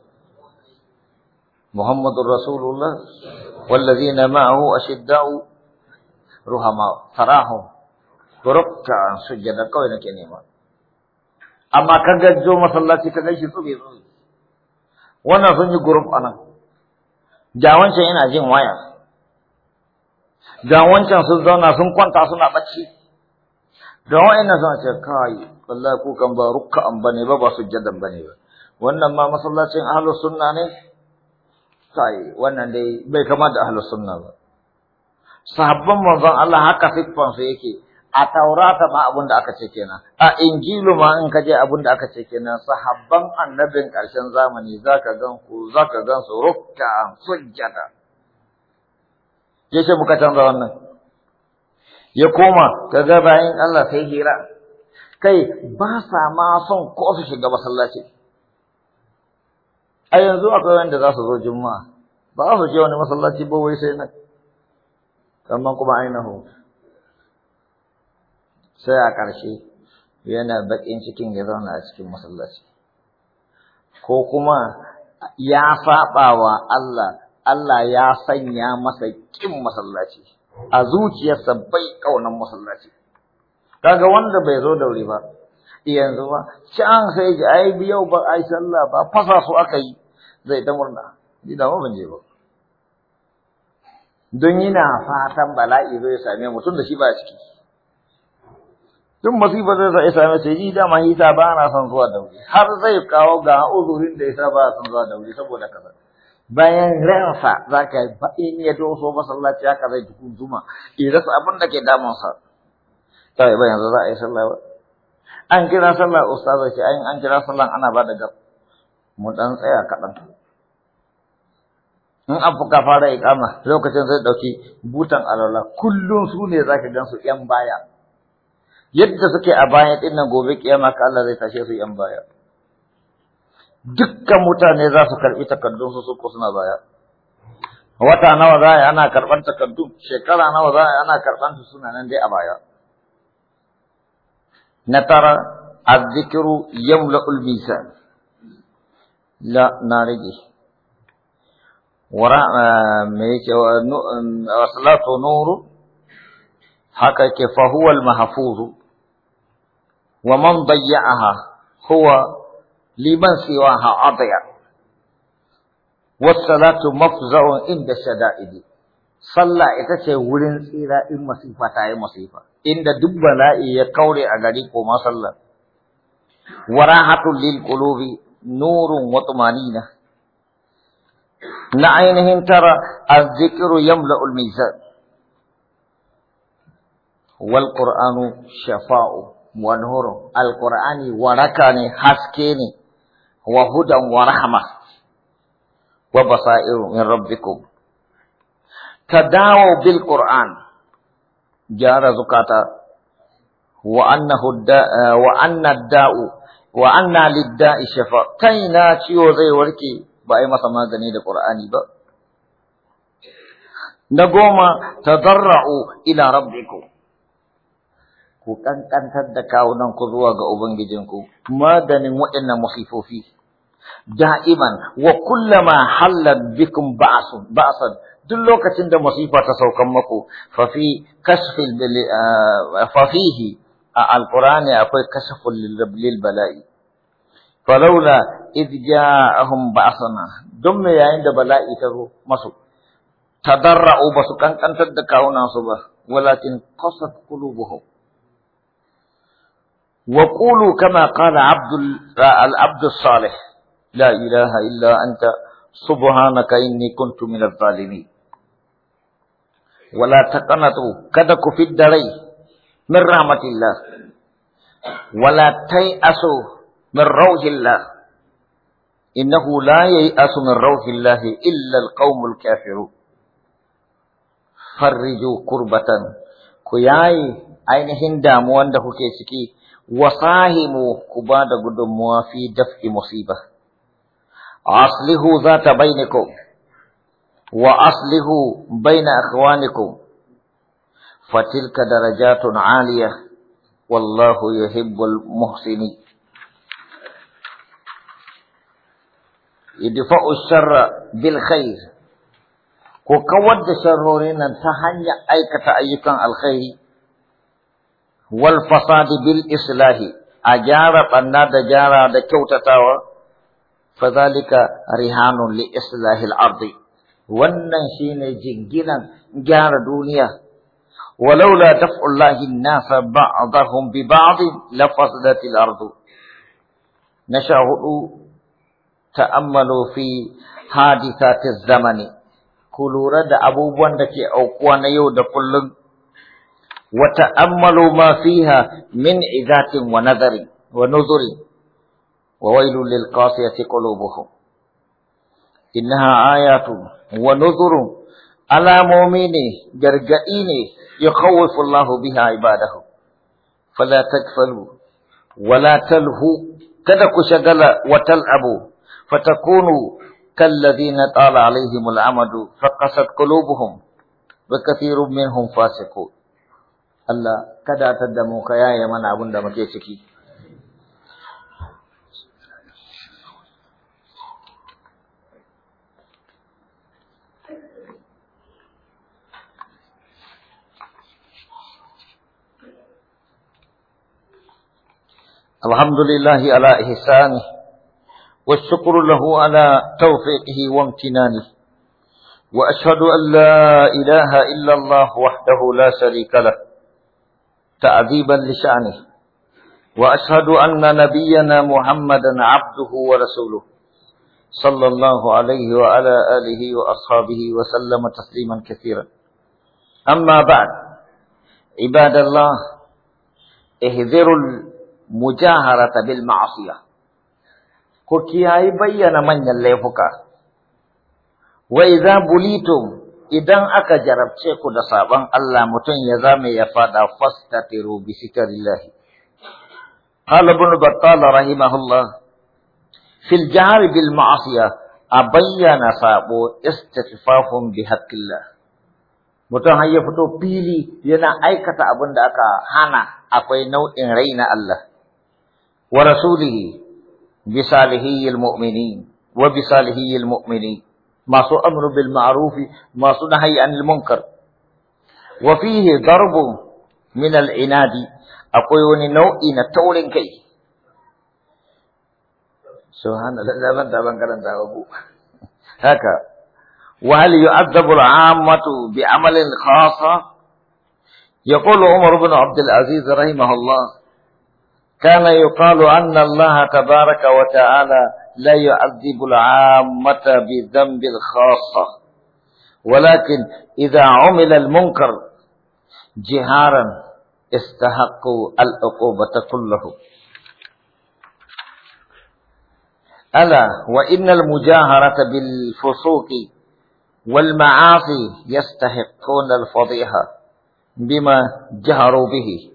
محمد رسول الله والذين معه أشداء رحماء تراهم ركعا سجدا كوي نكي نيما أما كان جو مسلاتي كان bi تبي wannan sun yi gurup nan wancan yana jin waya ga wancan sun zauna sun kwanta suna bacci Da wa'annan suna ce kai wallahi kukan ba rukka an bane ba ba sujjadan bane ba wannan ma masallacin ahlus sunna ne sai wannan dai bai kama da ahlus sunna ba sahabban manzon Allah haka siffan su yake a taurata ma abin da aka ce kenan a injilu ma in kaje abin da aka ce kenan sahabban annabin karshen zamani zaka gan ku zaka gan su rukka sujjada yace muka canza wannan ya koma kaga bayan Allah sai hira kai ba sa ma son ko su shiga masallaci a yanzu akwai wanda za su zo juma'a ba su je wani masallaci ba wai sai na kamar kuma ainihu sai a ƙarshe yana baƙin cikin ya zauna a cikin masallaci ko kuma ya saɓa wa Allah Allah ya sanya masa ƙin masallaci a zuciyarsa bai ƙaunar masallaci kaga wanda bai zo da wuri ba yanzu ba can sai ji ai biyau ba ai sallah ba fasa su aka yi zai ta murna ni da ban je ba don yana fatan bala'i zai same mutum da shi ba ciki duk musibar da zai same sai ni dama ta ba na son zuwa da wuri har zai kawo ga uzurin da yasa ba son zuwa da wuri saboda kaza bayan ransa zaka in ya doso masallaci haka zai tukun zuma ya rasa abin da ke damunsa sai bayan za a yi sallah ba an kira sallah ustaza ce an kira sallah ana ba da gaba mu ɗan tsaya kaɗan. In abu ka fara iƙama lokacin zai ɗauki butan alala kullum su ne za ka gan su ‘yan baya. Yadda suke a baya ɗin nan gobe ƙiyama ka Allah zai tashe su ‘yan baya. Dukkan mutane za su karɓi takardunsu su ko suna baya. wata nawa za a ana karɓar takaddun? shekara nawa za a ana karɓar su suna nan dai a baya na tara azzikiru yamla'ul misal. لا نارجي آه، ميك آه، وصلات آه، نور حقك فهو المحفوظ ومن ضيعها هو لمن سواها أضيع والصلاة مفزع عند الشدائد صلى إتسي ولن سيرا إما مصيفة تاي مصيفة عند دب يقول أغريك ما صلى وراحة للقلوب nurun wa tumanina na ainihin tara azzikiru yamla'ul mizan wal qur'anu shafa'u wa nurun al qur'ani waraka ne haske ne wa hudan wa rahma wa basairu min rabbikum tadawu bil qur'an jara zukata wa annahu wa anna da'u wa anna lidda'i shafa kaina ciwo zai warke ba ai masa magani da qur'ani ba na goma tadarra'u ila rabbikum ku kankantar da kawunan ku zuwa ga ubangijinku madanin waɗannan musifofi da'iman wa kullama bikin bikum ba'sun ba'san duk lokacin da musifa ta saukan maku fa fi kashfil eh, fa fihi القرآن أقول كشف للرب للبلاء فلولا إذ جاءهم بأسنا دم يعند بلاء تغو مصر تدرعوا بسكان كان تدكاو ناصبا ولكن قصد قلوبهم وقولوا كما قال عبد العبد الصالح لا إله إلا أنت سبحانك إني كنت من الظالمين ولا تقنطوا كدك في الدريه من رحمة الله ولا تيأسوا من روح الله إنه لا ييأس من روح الله إلا القوم الكافرون فرجوا كربة كياي أين هندا وانده كيسكي وصاهموا كباد قدم في دفع مصيبة أصله ذات بينكم وأصله بين أخوانكم فتلك درجات عالية والله يحب المحسنين يدفع الشر بالخير وكود شرورين تهني أي كتأيكا الخير والفساد بالإصلاح أجار دجارة دكوتة تاوى فذلك رهان لإصلاح الأرض wannan shine jinginan gyara duniya ولولا دفع الله الناس بعضهم ببعض لفسدت الارض نشاهد تاملوا في حادثات الزمن كلورا دا ابوبوان او كي اوكوا نيو دا كلن وتاملوا ما فيها من عذات ونذر ونذر وويل للقاسية قلوبهم إنها آيات ونذر على مؤمني جرجئيني يخوف الله بها عباده فلا تكفلوا ولا تلهوا تدكوا شغلا وتلعبوا فتكونوا كالذين طال عليهم العمد فقست قلوبهم وكثير منهم فاسقون الله كذا تدموا خيايا من عبد مكيسكي الحمد لله على إحسانه والشكر له على توفيقه وامتنانه وأشهد أن لا إله إلا الله وحده لا شريك له تعذيبا لشأنه وأشهد أن نبينا محمدا عبده ورسوله صلى الله عليه وعلى آله وأصحابه وسلم تسليما كثيرا أما بعد عباد الله اهذروا mujaharata bil ma'asiya ku kiyayi bayyana manyan laifuka wa idza idan aka jarabce ku da saban Allah mutum ya zame ya fada fastatiru bi sitrillah qala ibn battal rahimahullah fil jahr bil ma'asiya abayyana sabo istifafun bi haqqillah mutum har ya fito fili yana aikata abin da aka hana akwai nau'in raina Allah ورسوله بصالحي المؤمنين وبصالحي المؤمنين ما سو أمر بالمعروف ما سو نهي عن المنكر وفيه ضرب من العناد أقول نوع نتول كي سبحان الله لا بد من هكذا وهل يعذب العامة بعمل خاصة يقول عمر بن عبد العزيز رحمه الله كان يقال أن الله تبارك وتعالى لا يعذب العامة بذنب الخاصة ولكن إذا عمل المنكر جهارا استحقوا العقوبة كله ألا وإن المجاهرة بالفسوق والمعاصي يستحقون الفضيحة بما جهروا به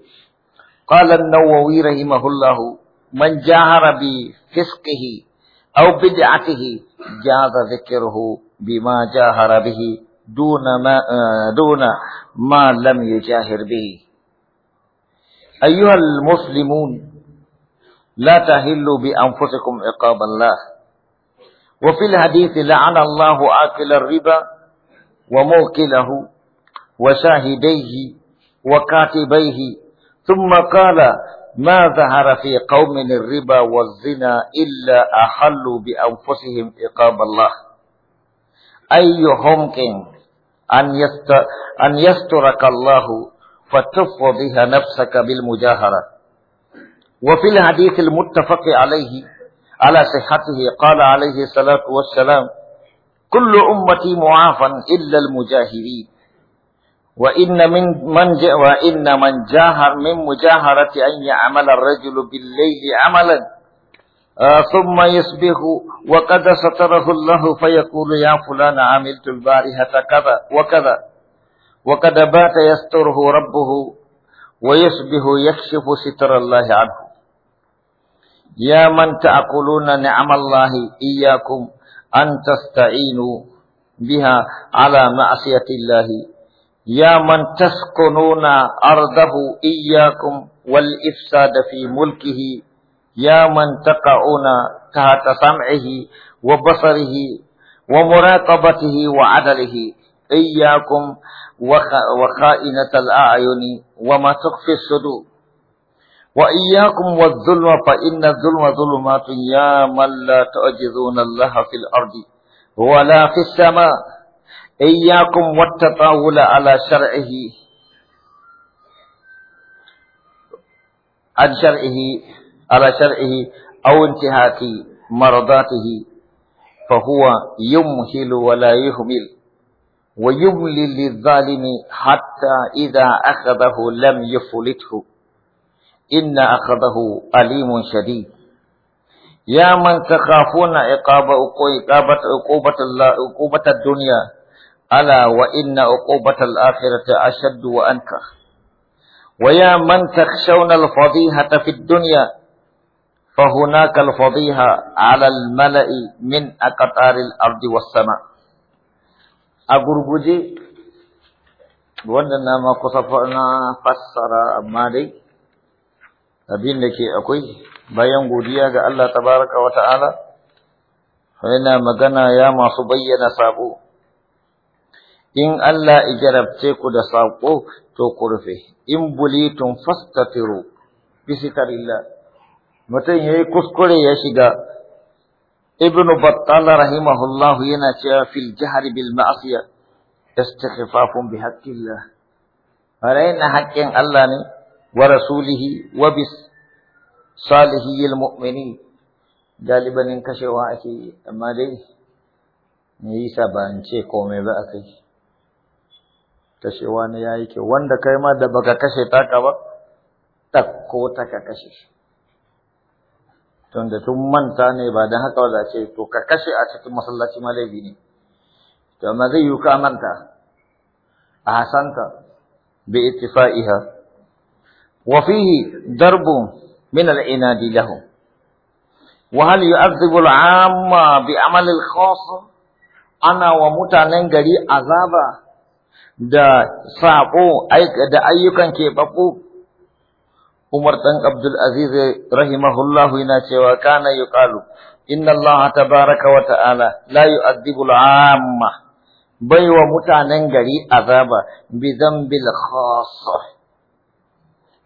قال النووي رحمه الله من جاهر بفسقه أو بدعته جاز ذكره بما جاهر به دون ما, دون ما لم يجاهر به أيها المسلمون لا تهلوا بأنفسكم عقاب الله وفي الحديث لعن الله آكل الربا وموكله وشاهديه وكاتبيه ثم قال ما ظهر في قوم الربا والزنا إلا أحلوا بأنفسهم عقاب الله أي عمق أن أن يسترك الله بها نفسك بالمجاهرة وفي الحديث المتفق عليه على صحته قال عليه الصلاة والسلام كل أمتي معافى إلا المجاهرين وإن من من وإن من جاهر من مجاهرة أن يعمل الرجل بالليل عملا آه، ثم يصبح وقد ستره الله فيقول يا فلان عملت البارحة كذا وكذا وقد بات يستره ربه ويصبح يكشف ستر الله عنه يا من تعقلون نعم الله إياكم أن تستعينوا بها على معصية الله يا من تسكنون أرضه إياكم والإفساد في ملكه يا من تقعون تحت سمعه وبصره ومراقبته وعدله إياكم وخائنة الأعين وما تخفي الصدور وإياكم والظلم فإن الظلم ظلمات يا من لا تعجزون الله في الأرض ولا في السماء إياكم والتطاول على شرعه عن شرعه على شرعه أو انتهاك مرضاته فهو يمهل ولا يهمل ويملي للظالم حتى إذا أخذه لم يفلته إن أخذه أليم شديد يا من تخافون عقاب عقوبة الله عقوبة الدنيا ألا وإن عقوبة الآخرة أشد وأنكى ويا من تخشون الفضيحة في الدنيا فهناك الفضيحة على الملأ من أقطار الأرض والسماء أقول أقربوجي وأنا ما قصفنا فسر مالي أبين لك أكوي بين قوديا الله تبارك وتعالى فإنا مغنى يا ما سبينا سابو in Allah ijarabce ku da saƙo to ku rufe in bulitun fastatiru bisitarillah mutum yayi kuskure ya shiga ibnu battala rahimahullahu yana cewa fil jahri bil ma'siyah istighfafun bi haqqillah alaina haqqin Allah ne wa rasulihi wa bis salihiyil mu'minin galibanin kashewa ake amma dai me yasa ba an ce komai ba kai? kashe wani ya yi kyau wanda kai ma da baka kashe taka ba ɗakko ta ka kashe shi tunda tun manta ne ba don haka za ce to ka kashe a cikin masallaci ma laifi ne to amma zai yi ka manta a hasanta bi ittifa'iha wa fihi darbun min al-inadi lahum wa hal yu'adhibu al-'amma bi 'amali al ana wa mutanen gari azaba da saƙo da ayyukan keɓaɓɓu Umar ɗan Abdul Aziz rahimahullahu yana cewa kana yuqalu inna Allah baraka wa ta'ala la yu'adhibu al-amma bai wa mutanen gari azaba bi dhanbil khassa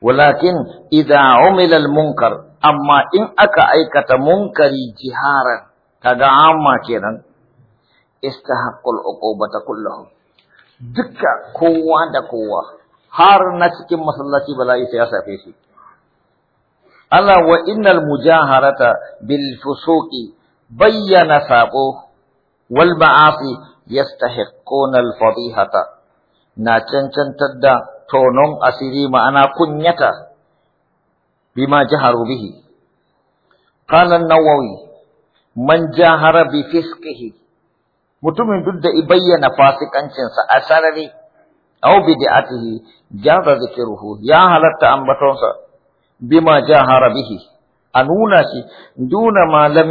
walakin idza umila al-munkar amma in aka aikata munkari jiharan kaga amma kenan istahaqqul uqubata kulluhum duka kowa da kowa har na cikin masallaci bala'i sai ya safe shi Allah wa innal mujaharata bil fusuqi bayyana sabo wal ma'asi yastahiquna al fadihata na cancantar da tonon asiri ma'ana kunyata bima jaharu bihi qala an-nawawi man jahara bi fisqihi mutumin duk da bayyana fasikancinsa a sarari aw bid'atihi jaza zikruhu ya halatta ambatonsa bima jahara bihi a nuna shi duna ma lam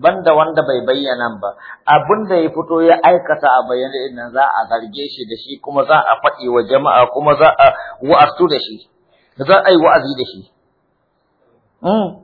banda wanda bai bayyana ba abinda ya fito ya aikata a bayyana din za a zarge shi da shi kuma za a faɗi wa jama'a kuma za a wa'astu da shi za a yi wa'azi da shi hmm.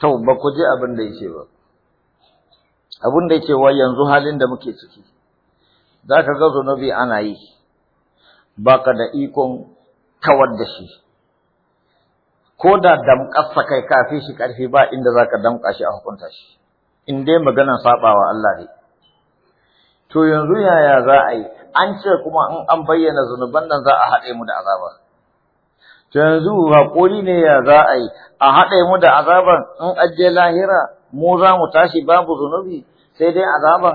to ba ku ji abin da yake ba abin da yake wa yanzu halin da muke ciki za ka ga zunubi ana yi ba ka da ikon kawar da shi ko da damƙarsa kai kafi shi ƙarfi ba inda za ka damƙa shi a hukunta shi in dai maganar saɓawa Allah ne to yanzu yaya za a yi an ce kuma in an bayyana zunuban nan za a haɗe mu da azaba yanzu haƙuri ne ya za a yi a haɗe mu da azaban in ajiye lahira mu za mu tashi babu zunubi sai dai azaban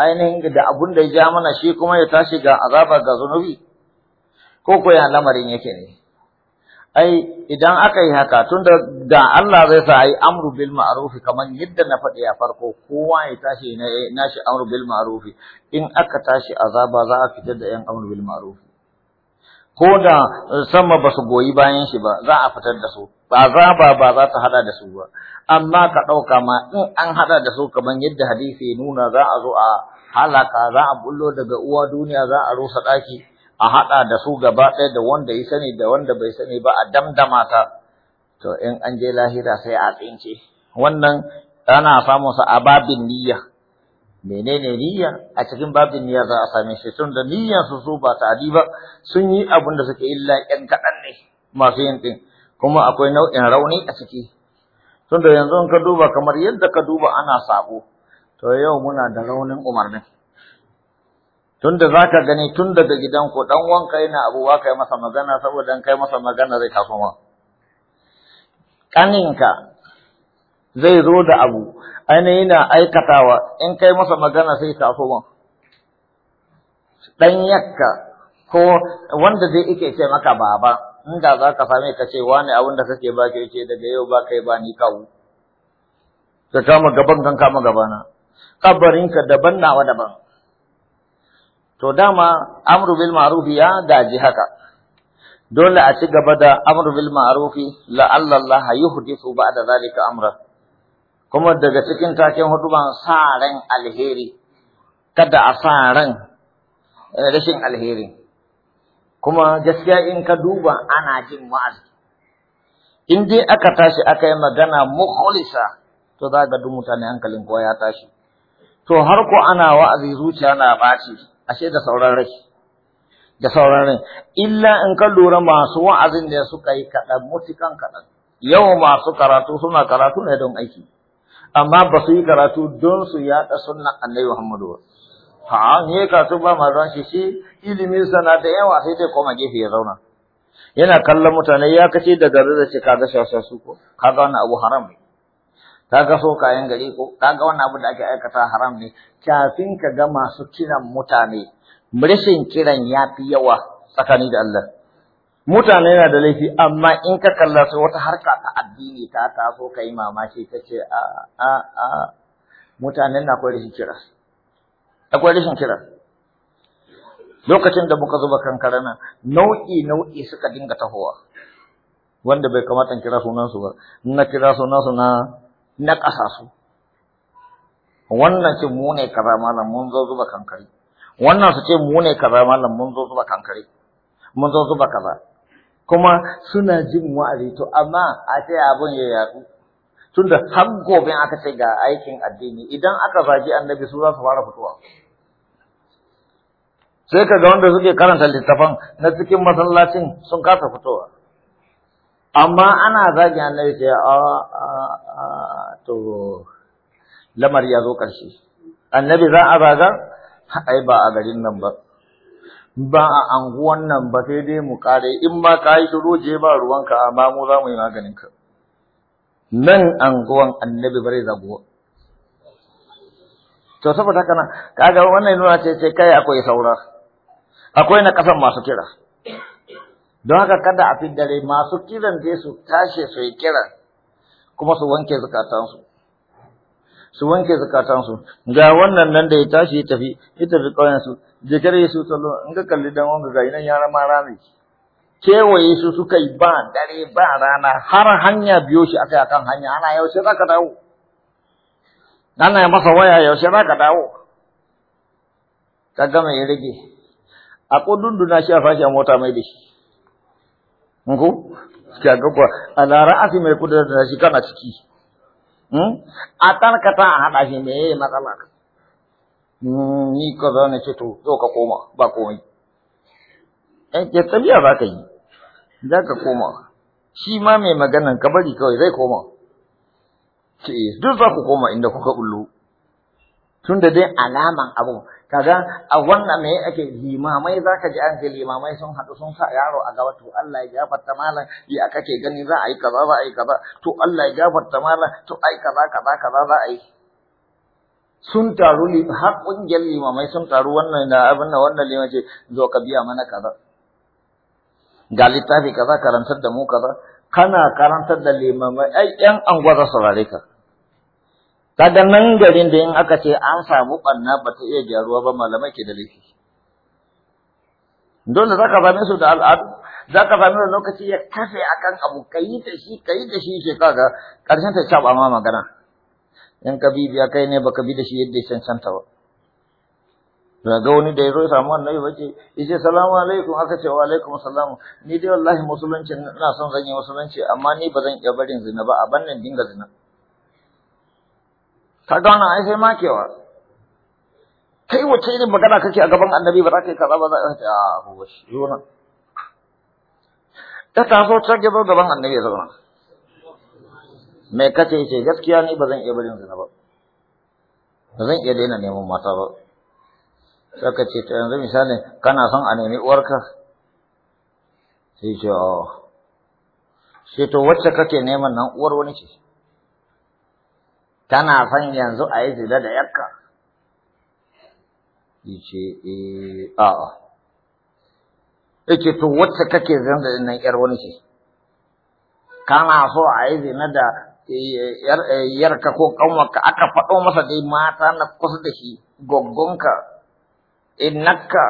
ainihin da abun da ya ja mana shi kuma ya tashi ga azaba ga zunubi ko ko lamarin yake ne ai idan aka yi haka tun da ga Allah zai sa ai amru bil ma'ruf kamar yadda na faɗi a farko kowa ya tashi na nashi amru bil ma'ruf in aka tashi azaba za a fitar da yan amru bil ma'ruf ko da sama ba su goyi bayan shi ba za a fitar da su ba za ba ba za ta hada da su ba amma ka ɗauka ma in an hada da su kamar yadda hadisi nuna za a zo a halaka za a bullo daga uwa duniya za a rusa ɗaki a hada da su gaba ɗaya da wanda ya sani da wanda bai sani ba a damdama ta to in an je lahira sai a tsince wannan ana samun sa a niyya menene niyya a cikin babin niyya za a same shi tun da niyya su su ba ta ba sun yi abin da suke illa ƴan kaɗan ne masu yin ɗin kuma akwai nau'in rauni a ciki tun da yanzu ka duba kamar yadda ka duba ana sabo to yau muna da raunin umarni. tun da za ka gani tun daga gidanku dan wanka yana abubuwa kai masa magana saboda dan kai masa magana zai taso ma ƙaninka zai zo da abu ainihin yana aikatawa in kai masa magana sai ta koma dan yakka ko wanda zai ike ce maka baba in za zaka same ka ce wani abin da kake ba ke ce daga yau ba kai ba ni kawo ka kama gaban kan kama gabana Kabarin ka daban nawa daban to dama amru bil ma'ruf ya gaji haka dole a ci gaba da amru bil ma'ruf la'alla Allah yuhdisu ba'da zalika amra kuma daga cikin taken ban sa ran alheri kada a sa ran eh, rashin alheri kuma gaskiya in ka duba ana jin wa'azi in dai aka tashi aka yi magana mukhlisa to za ga duk mutane hankalin kowa ya tashi to har ko ana wa'azi zuciya na baci ashe da sauran rashi da sauran illa in ka lura masu wa'azin da suka yi kaɗan mutukan kaɗan yau masu karatu suna karatu ne don aiki amma ba su yi karatu don su yaɗa sunna annabi Muhammadu ba. Ha, ni ka su ba ma shi shi ilimin sana da yawa sai dai koma gefe ya zauna. Yana kallon mutane ya kace da gari da ce kaga shasha su ko kaga wannan abu haram ne. Kaga so kayan gari ko kaga wannan abu da ake aikata haram ne. Kafin ka ga masu kiran mutane rashin kiran ya fi yawa tsakani da Allah. mutane na da laifi amma in ka kalla su wata harka ta addini ta taso ka yi mamaki ta ce a a a mutanen na akwai rashin kira akwai rashin kira lokacin da muka zuba kankara nan nau'i nau'i suka dinga tahowa wanda bai kamata in kira sunan su ba na kira sunan su na na ƙasa su wannan ce mu ne kaza malam mun zo zuba kankare wannan su ce mu ne kaza malam mun zo zuba kankari mun zo zuba kaza kuma suna jin wa'azi to amma a ce abin ya yaɗu tunda har gobe aka ce ga aikin addini idan aka zagi annabi su za su fara fitowa sai ka ga wanda suke karanta littafan na cikin masallacin sun kasa fitowa amma ana zagi annabi ce a to lamar ya zo ƙarshe annabi za a zaga ai ba a garin nan ba ba a anguwan nan ba sai dai mu kare in ba ka yi shiru je ba ruwanka amma mu za mu yi maganin ka nan anguwan annabi bare zago to saboda haka kaga wannan nuna ce ce kai akwai saura akwai na kasan masu kira don haka kada a fi dare masu kiran dai su tashe su yi kira kuma su wanke zukatansu su wanke zukatansu ga wannan nan da ya tashi ya tafi ya tafi su. je Yesu su tallo in ka kalli dan wanga ga inan yara ma rami kewaye su suka yi ba dare ba rana har hanya biyo shi akai akan hanya ana yaushe zaka dawo ana ya masa waya yaushe zaka dawo kaga ya rage a kudunduna shi a fashi a mota mai da shi ko kaga kuwa a lara'asi mai kudunduna shi kana ciki hmm? a tarkata a hada shi mai matsala Mm, ni kaza na ce to zo ka koma ba komai ya eh, tabiya za ka yi za ka koma shi ma mai maganan ka bari kawai zai koma ce duk za ku koma inda kuka bullo tun da dai alaman abu kaga a wannan me ake limamai za ka ji an ce limamai sun haɗu sun sa yaro a gaba to Allah ya gafarta malam ya kake gani za a yi kaza za a yi kaza to Allah ya gafarta malam to ai kaza kaza kaza za a yi sun taru har ƙungiyar limamai sun taru wannan da abin da wannan liman ce zo ka biya mana kaza ga littafi kaza karantar da mu kaza kana karantar da limamai ai yan angwaza saurare ka kaga nan garin da in aka ce an samu ɓanna ba ta iya gyaruwa ba malamai ke da laifi dole za ka same su da al'adu za ka same da lokaci ya kafe akan abu ka yi da shi ka yi da shi ke kaga ƙarshen ta ba ma magana in ka biya kai ne baka bi da shi yadda ya cancanta ba ga wani da ya zo ya samu annabi ya ce salamu alaikum aka ce wa alaikum salamu ni dai wallahi musulunci ina son zan yi musulunci amma ni ba zan iya barin zina ba a bannan dinga zina ka ga wannan ai sai makewa kai wace irin magana kake a gaban annabi ba za ka yi kaza ba za ka ce a ko shi yona ta taso ta gaban annabi ya zauna mai kace yace gaskiya ni ba zan iya barin zina ba ba zan iya daina neman mata ba sai ka ce to yanzu misali kana son a nemi uwarka sai ce oh sai to wacce kake neman nan uwar wani ce tana son yanzu a yi zina da yakka yace eh a'a yace to wacce kake zanda nan yar wani ce kana so a yi zina da Eh, yarka ko kanwarka aka faɗo masa dai mata na kusa da shi goggonka innaka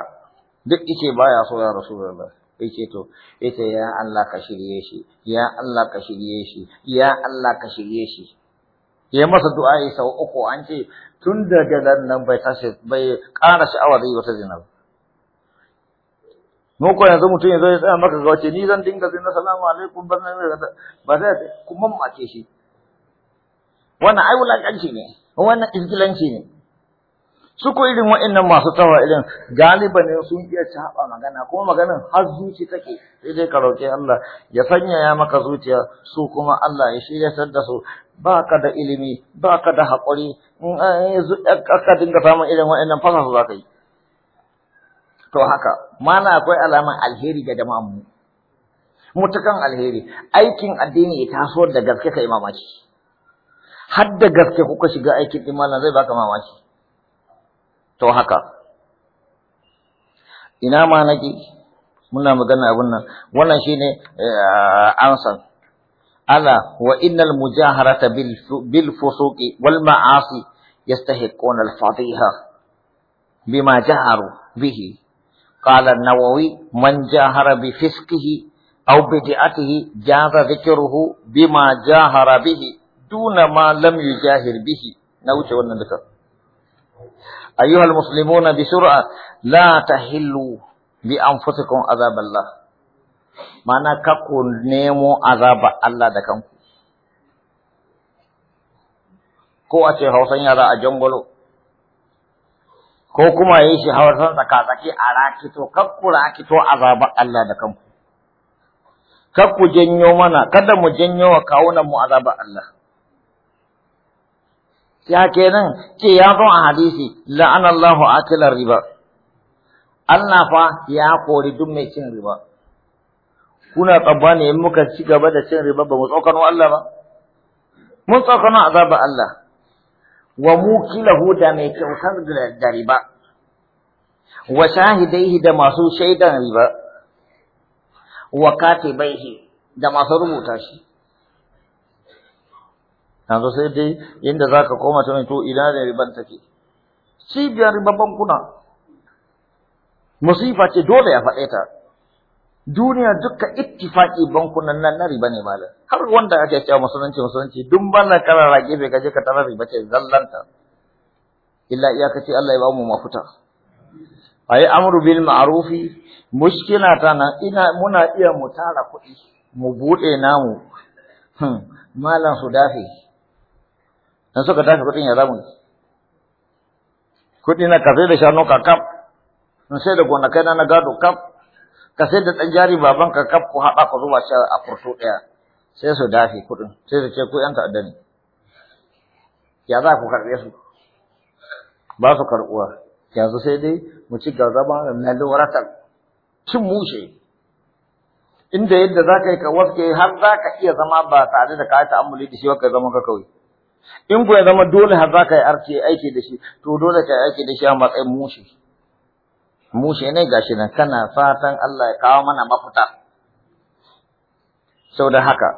duk ice baya so ya rasulullah ce to yace ya Allah ka shirye shi ya Allah ka shirye shi ya Allah ka shirye shi ya masa du'a sau uku an ce tun daga nan bai tashi bai ƙara sha'awa zai wata zina ba mu ko yanzu mutum ya zo ya tsaya maka ga wace ni zan dinga zina salamu alaikum ban ba zai kuma mace shi wannan ai wulakanci ne wannan izgilanci ne su ko irin wa'annan masu tsawa irin galiba ne sun iya caba magana kuma maganin har zuci take sai dai ka roƙi Allah ya sanya ya maka zuciya su kuma Allah ya shirya da su baka da ilimi baka da haƙuri in ka dinga samun irin wa'annan fasa su za ka yi to haka mana akwai alama alheri ga jama'an mu mutukan alheri aikin addini ya taso da gaske kai mamaki har da gaske kuka shiga aikin din malam zai baka mamaki to haka ina ma nake muna magana abun nan wannan shine ansan ala wa innal mujaharata bil fusuqi wal ma'asi yastahiquna al fadiha bima jaharu bihi قال النووي من جاهر بفسقه أو بدعته جاز ذكره بما جاهر به duna ma lam yujahir bihi na wuce wannan duka ayyuhal muslimuna bi sur'a la tahillu bi anfusikum azab Allah mana ka ku nemo azaba Allah da kanku ko a ce hausan yara a jangolo ko kuma yi shi hausan tsakatsaki a rakito kar ku rakito azaba Allah da kanku kar ku janyo mana kada mu janyo wa kawunan mu azaba Allah ya kenan ce ya zo a hadisi la'anallahu akilar riba Allah fa ya kori duk mai cin riba kuna ne in muka ci gaba da cin riba ba mu tsokano Allah ba mun tsokano azaba Allah wa mukilahu da mai kyautar da riba wa shahidaihi da masu shaidan riba wa katibaihi da masu rubuta shi yanzu sai dai inda zaka koma ta mai to ina ne riban take cibiyar riban bankuna musifa ce dole ya faɗe ta duniya duka ittifaqi bankunan nan na riba ne malam har wanda ake cewa musulunci musulunci duk bana karara gefe kaje ka tarar riba ce zallanta illa iyakaci Allah ya ba mu mafuta ayi amru bil ma'rufi mushkila ta nan ina muna iya mu tara kuɗi mu buɗe namu hmm, malam su dafe dan suka tashi kuɗin ya zamu kuɗi na kafe da shanu ka kaf in sai da gonakai na na gado kaf ka sai da ɗan jari baban ka kaf ku haɗa ku zuba shi a furto ɗaya sai su dafe kuɗin sai su ce ku ƴan ta'adda ne ya za ku karɓe su ba su karɓuwa yanzu sai dai mu ci da na loratan cin mushe inda yadda za ka yi ka waske har za ka iya zama ba tare da ka yi da shi ka zama ka kawai in ku ya zama dole har za ka yi arce aiki da shi to dole ka yi aiki da shi a matsayin mushi. Mushi ne gashi nan kana fatan Allah ya kawo mana mafuta sau da haka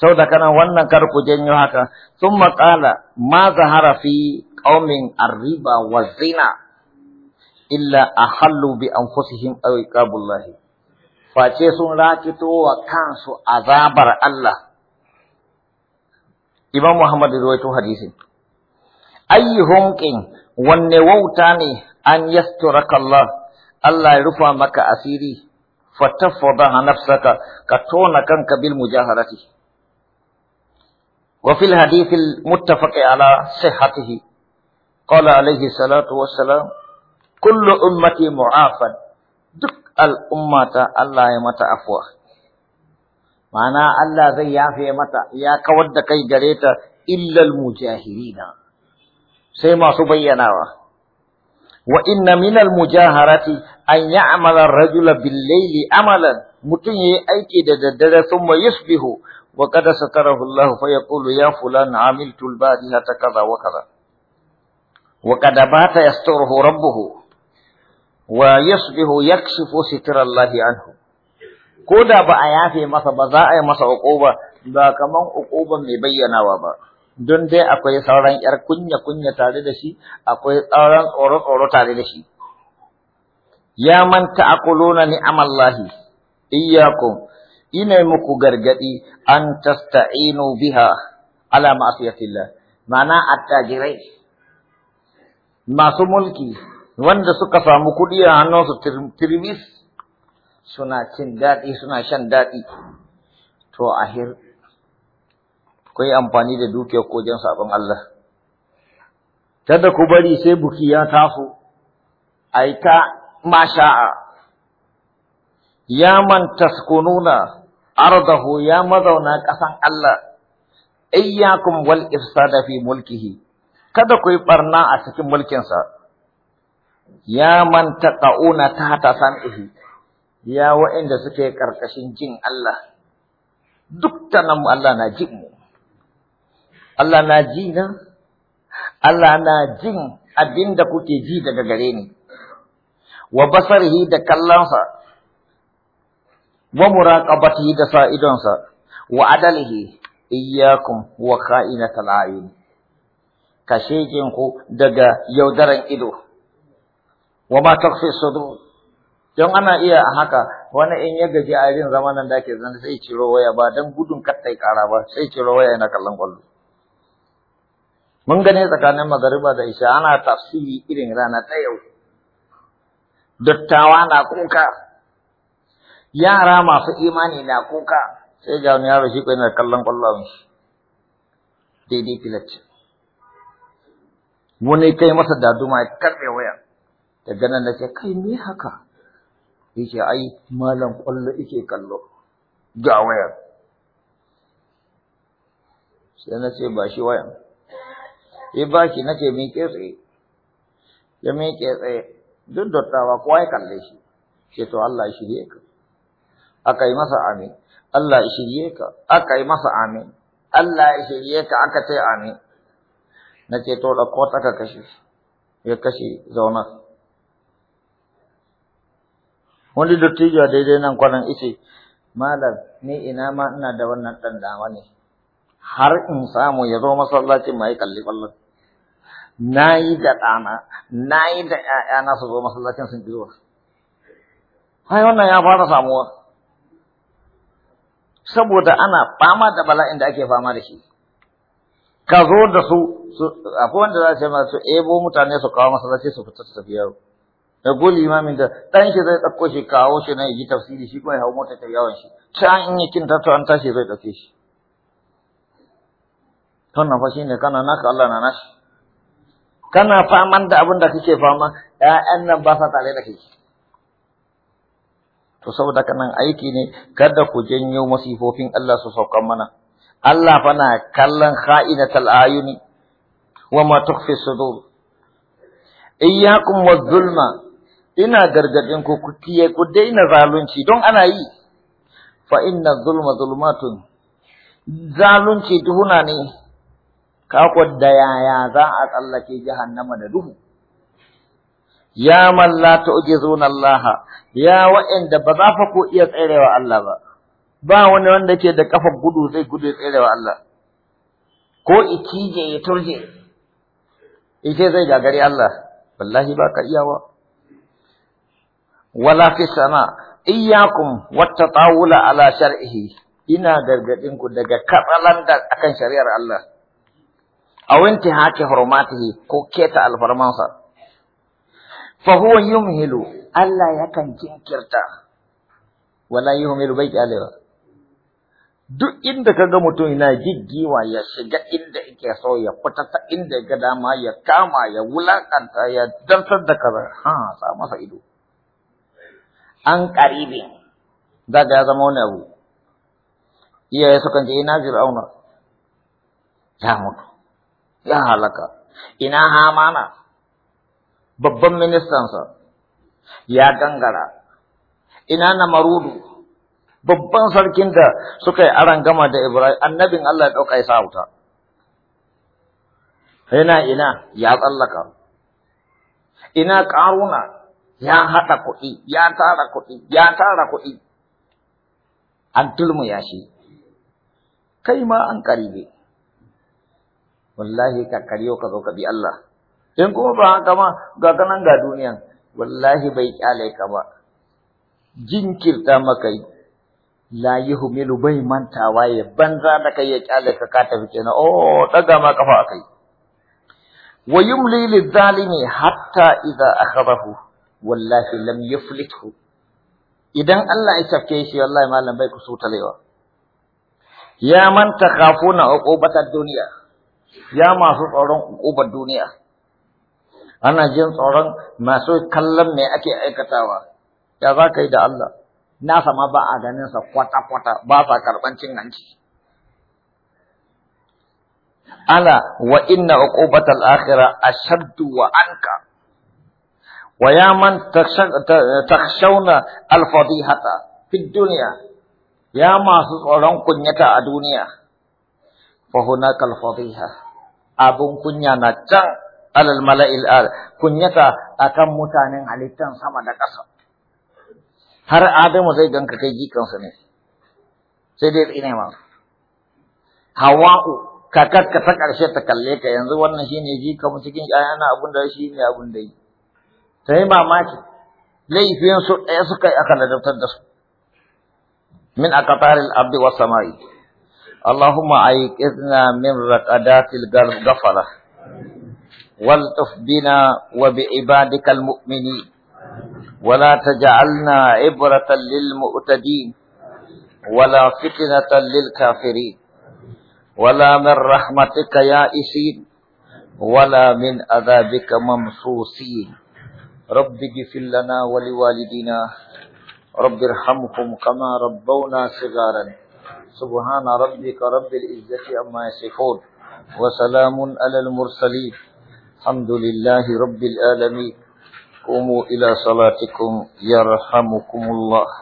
sau da kana wannan kar ku janyo haka sun matsala ma zahara fi ƙaumin arriba wa zina illa hallu bi an anfusihim aw iqabullah face sun rakito wa kansu azabar Allah Imam Muhammad ruwaito hadisin. Ayyu humqin wanne wauta ne an yasturaka Allah Allah ya rufa maka asiri fatafadha nafsaka ka tona kanka bil mujaharati. Wa fil hadith al muttafaq ala sihhatihi qala alayhi salatu wassalam kullu ummati mu'afan duk al'ummata Allah ya mata afwa mana Allah zai yafe mata ya kawar da kai gare ta illal mujahirina sai masu bayyanawa wa inna minal mujaharati an ya'mala ar-rajula bil-layli amalan mutun yayi aiki da daddare thumma yusbihu wa qad satarahu Allah fa yaqulu ya fulan amiltu al-badihata kaza wa kaza wa qad bata yasturuhu rabbuhu wa yusbihu yakshifu sitra Allah anhu ko da ba a yafe masa ba za a yi masa uquba ba kaman uquban mai bayyanawa ba don dai akwai sauran yar kunya kunya tare da shi akwai sauran tsoro tsoro tare da shi ya man ta'quluna ni'amallahi iyyakum ina muku gargadi an tasta'inu biha ala ma'siyatillah mana attajirai masu mulki wanda suka samu kuɗi a hannunsu tirmis suna cin daɗi suna shan daɗi to ahir ku yi amfani da dukiyar kojin sabon Allah kada ku bari sai buki ya taso a yi ta masha'a ya man nuna, ardahu ya mazauna ƙasan Allah iyyakum wal ifsada fi mulkihi kada ku yi barna a cikin mulkinsa ya man ta tahta sam'ihi ya wa'inda suke ƙarƙashin jin Allah, duk ta nan Allah na jin mu, Allah na ji na, Allah na jin abinda kuke ji daga gare ni, wa basarhi da kallonsa, wa muraqabatihi da sa idonsa, wa adalihi, iyyakum wa ka'inatal ayun. Kashe ku daga yaudaran ido, wa ma takfi sudur don ana iya a haka wani in ya gaji a zama nan da ake zan sai ciro waya ba don gudun kattai kara ba sai ciro waya yana kallon kwallo mun gane tsakanin magariba da isha ana tafsiri irin rana ta yau dattawa na kuka yara masu imani na kuka sai ga wani yaro shi yana kallon a mishi daidai filacci wani kai masa daduma ya karɓe waya daga nan da ce kai me haka yake ai malam kwallo yake kallo ga wayar sai na ce ba shi wayan ya ba shi na ce miƙe tsaye ya miƙe tsaye duk dottawa kowa ya kalle shi ce to Allah ya shirye ka aka yi masa amin Allah ya shirye ka aka yi masa amin Allah ya shirye ka aka ce amin na ce to da ko taka kashe ya kashe zauna wani dattijo daidai nan kwanan ice malam ni ina ma ina da wannan dan dama ne har in samu ya zo masallacin ma ya kalli kallon na yi da ɗana na yi da ‘ya'yana su zo masallacin sun ƙi zuwa ai wannan ya fara samuwa saboda ana fama da bala'in da ake fama da shi ka zo da su akwai wanda za su yi masu ebo mutane su kawo masallaci su fita su tafi yaro da gol limamin da dan shi zai dauko shi kawo shi na yi tafsiri shi kuma ya hau mota ta yawan shi sai in yi ta to an tashi zai dauke shi na fashi ne, kana naka Allah na nashi kana faman da abin da kake fama ƴaƴan nan ba sa tare da kai to saboda kana aiki ne kada ku janyo masifofin Allah su sauka mana Allah fa na kallon kha'inatul ayuni wa ma tukhfi sudur iyyakum wadh-dhulma ina gargadin ku ku tiye ku daina zalunci don ana yi fa inna zulma zulmatun zalunci duhuna ne ka ku da yaya za a tsallake jahannama da duhu ya man la tu'jizuna Allah ya wa'inda ba za fa ku iya tserewa Allah ba ba wani wanda ke da kafar gudu zai gudu tserewa Allah ko ikije ya turje zai gagari Allah wallahi ba ka iyawa wala fi sana iyyakum wattatawula ala shar'ihi ina gargadin ku daga katsalan da akan shari'ar Allah aw intihaki hurmatihi ko keta alfarmansa fa huwa yumhilu Allah yakan kinkirta. wala yumhilu bai kyalewa duk inda kaga mutum yana giggiwa ya shiga inda yake so ya fita ta inda ya ga dama ya kama ya wulakanta ya dantar da kaza ha sa masa ido an ƙaribin za ya zama wani abu iyaye sukan ce ina eh, fir'auna ya mutu ya halaka ina hamana babban ministansa ya gangara ina na marudu babban sarkin da suka yi aron gama da Ibrahim annabin Allah ya ɗauka ya sa wuta. Yana ina ya tsallaka, ina karuna ya haɗa kuɗi, ya tara kuɗi, ya tara kuɗi, an tulmu ya shi, kai ma an karibe, wallahi ka karyo ka zo ka bi Allah, in kuma ba haka ma ga kanan ga duniyan, wallahi bai ƙyale ka ba, jinkirta maka yi, la yi humilu bai mantawa ya banza da kai ya kyale ka ka tafi kenan, oh, ɗaga ma kafa a kai. Wa ويملي للظالم حتى إذا أخذه wallahi lam yuflithu idan Allah ya safke shi wallahi malam bai ku sutalewa ya man takhafuna uqubatar duniya ya masu tsoron uqubar duniya ana jin tsoron masu kallon me ake aikatawa ya za ka yi da Allah na sama ba a ganin sa kwata kwata ba sa karban cin hanci ala wa inna uqubatal akhirah ashaddu wa anka ويا من تخشون الفضيحة في الدنيا ya ما tsoron kunyata a duniya fa hunaka al-fadhiha abun kunya na can alal mala'il al kunyata akan mutanen halittan sama da ƙasa har adamu zai ganka kai sa ne sai dai ina ma hawa'u kakar ka ta ƙarshe ta kalle ka yanzu wannan shine jikan mu cikin ayana abun da shi ne abun da yi sai mamaki laifinsu ɗaya suka yi aka ladabtar da su min a kafarin abdi wa اللهم أيقظنا من رقدات الغفلة والطف بنا وبعبادك المؤمنين ولا تجعلنا عبرة للمؤتدين ولا فتنة للكافرين ولا من رحمتك يائسين ولا من عذابك ممسوسين رب اغفر لنا ولوالدينا رب ارحمهم كما ربونا صغارا سبحان ربك رب العزة عما يصفون وسلام على المرسلين الحمد لله رب العالمين قوموا إلى صلاتكم يرحمكم الله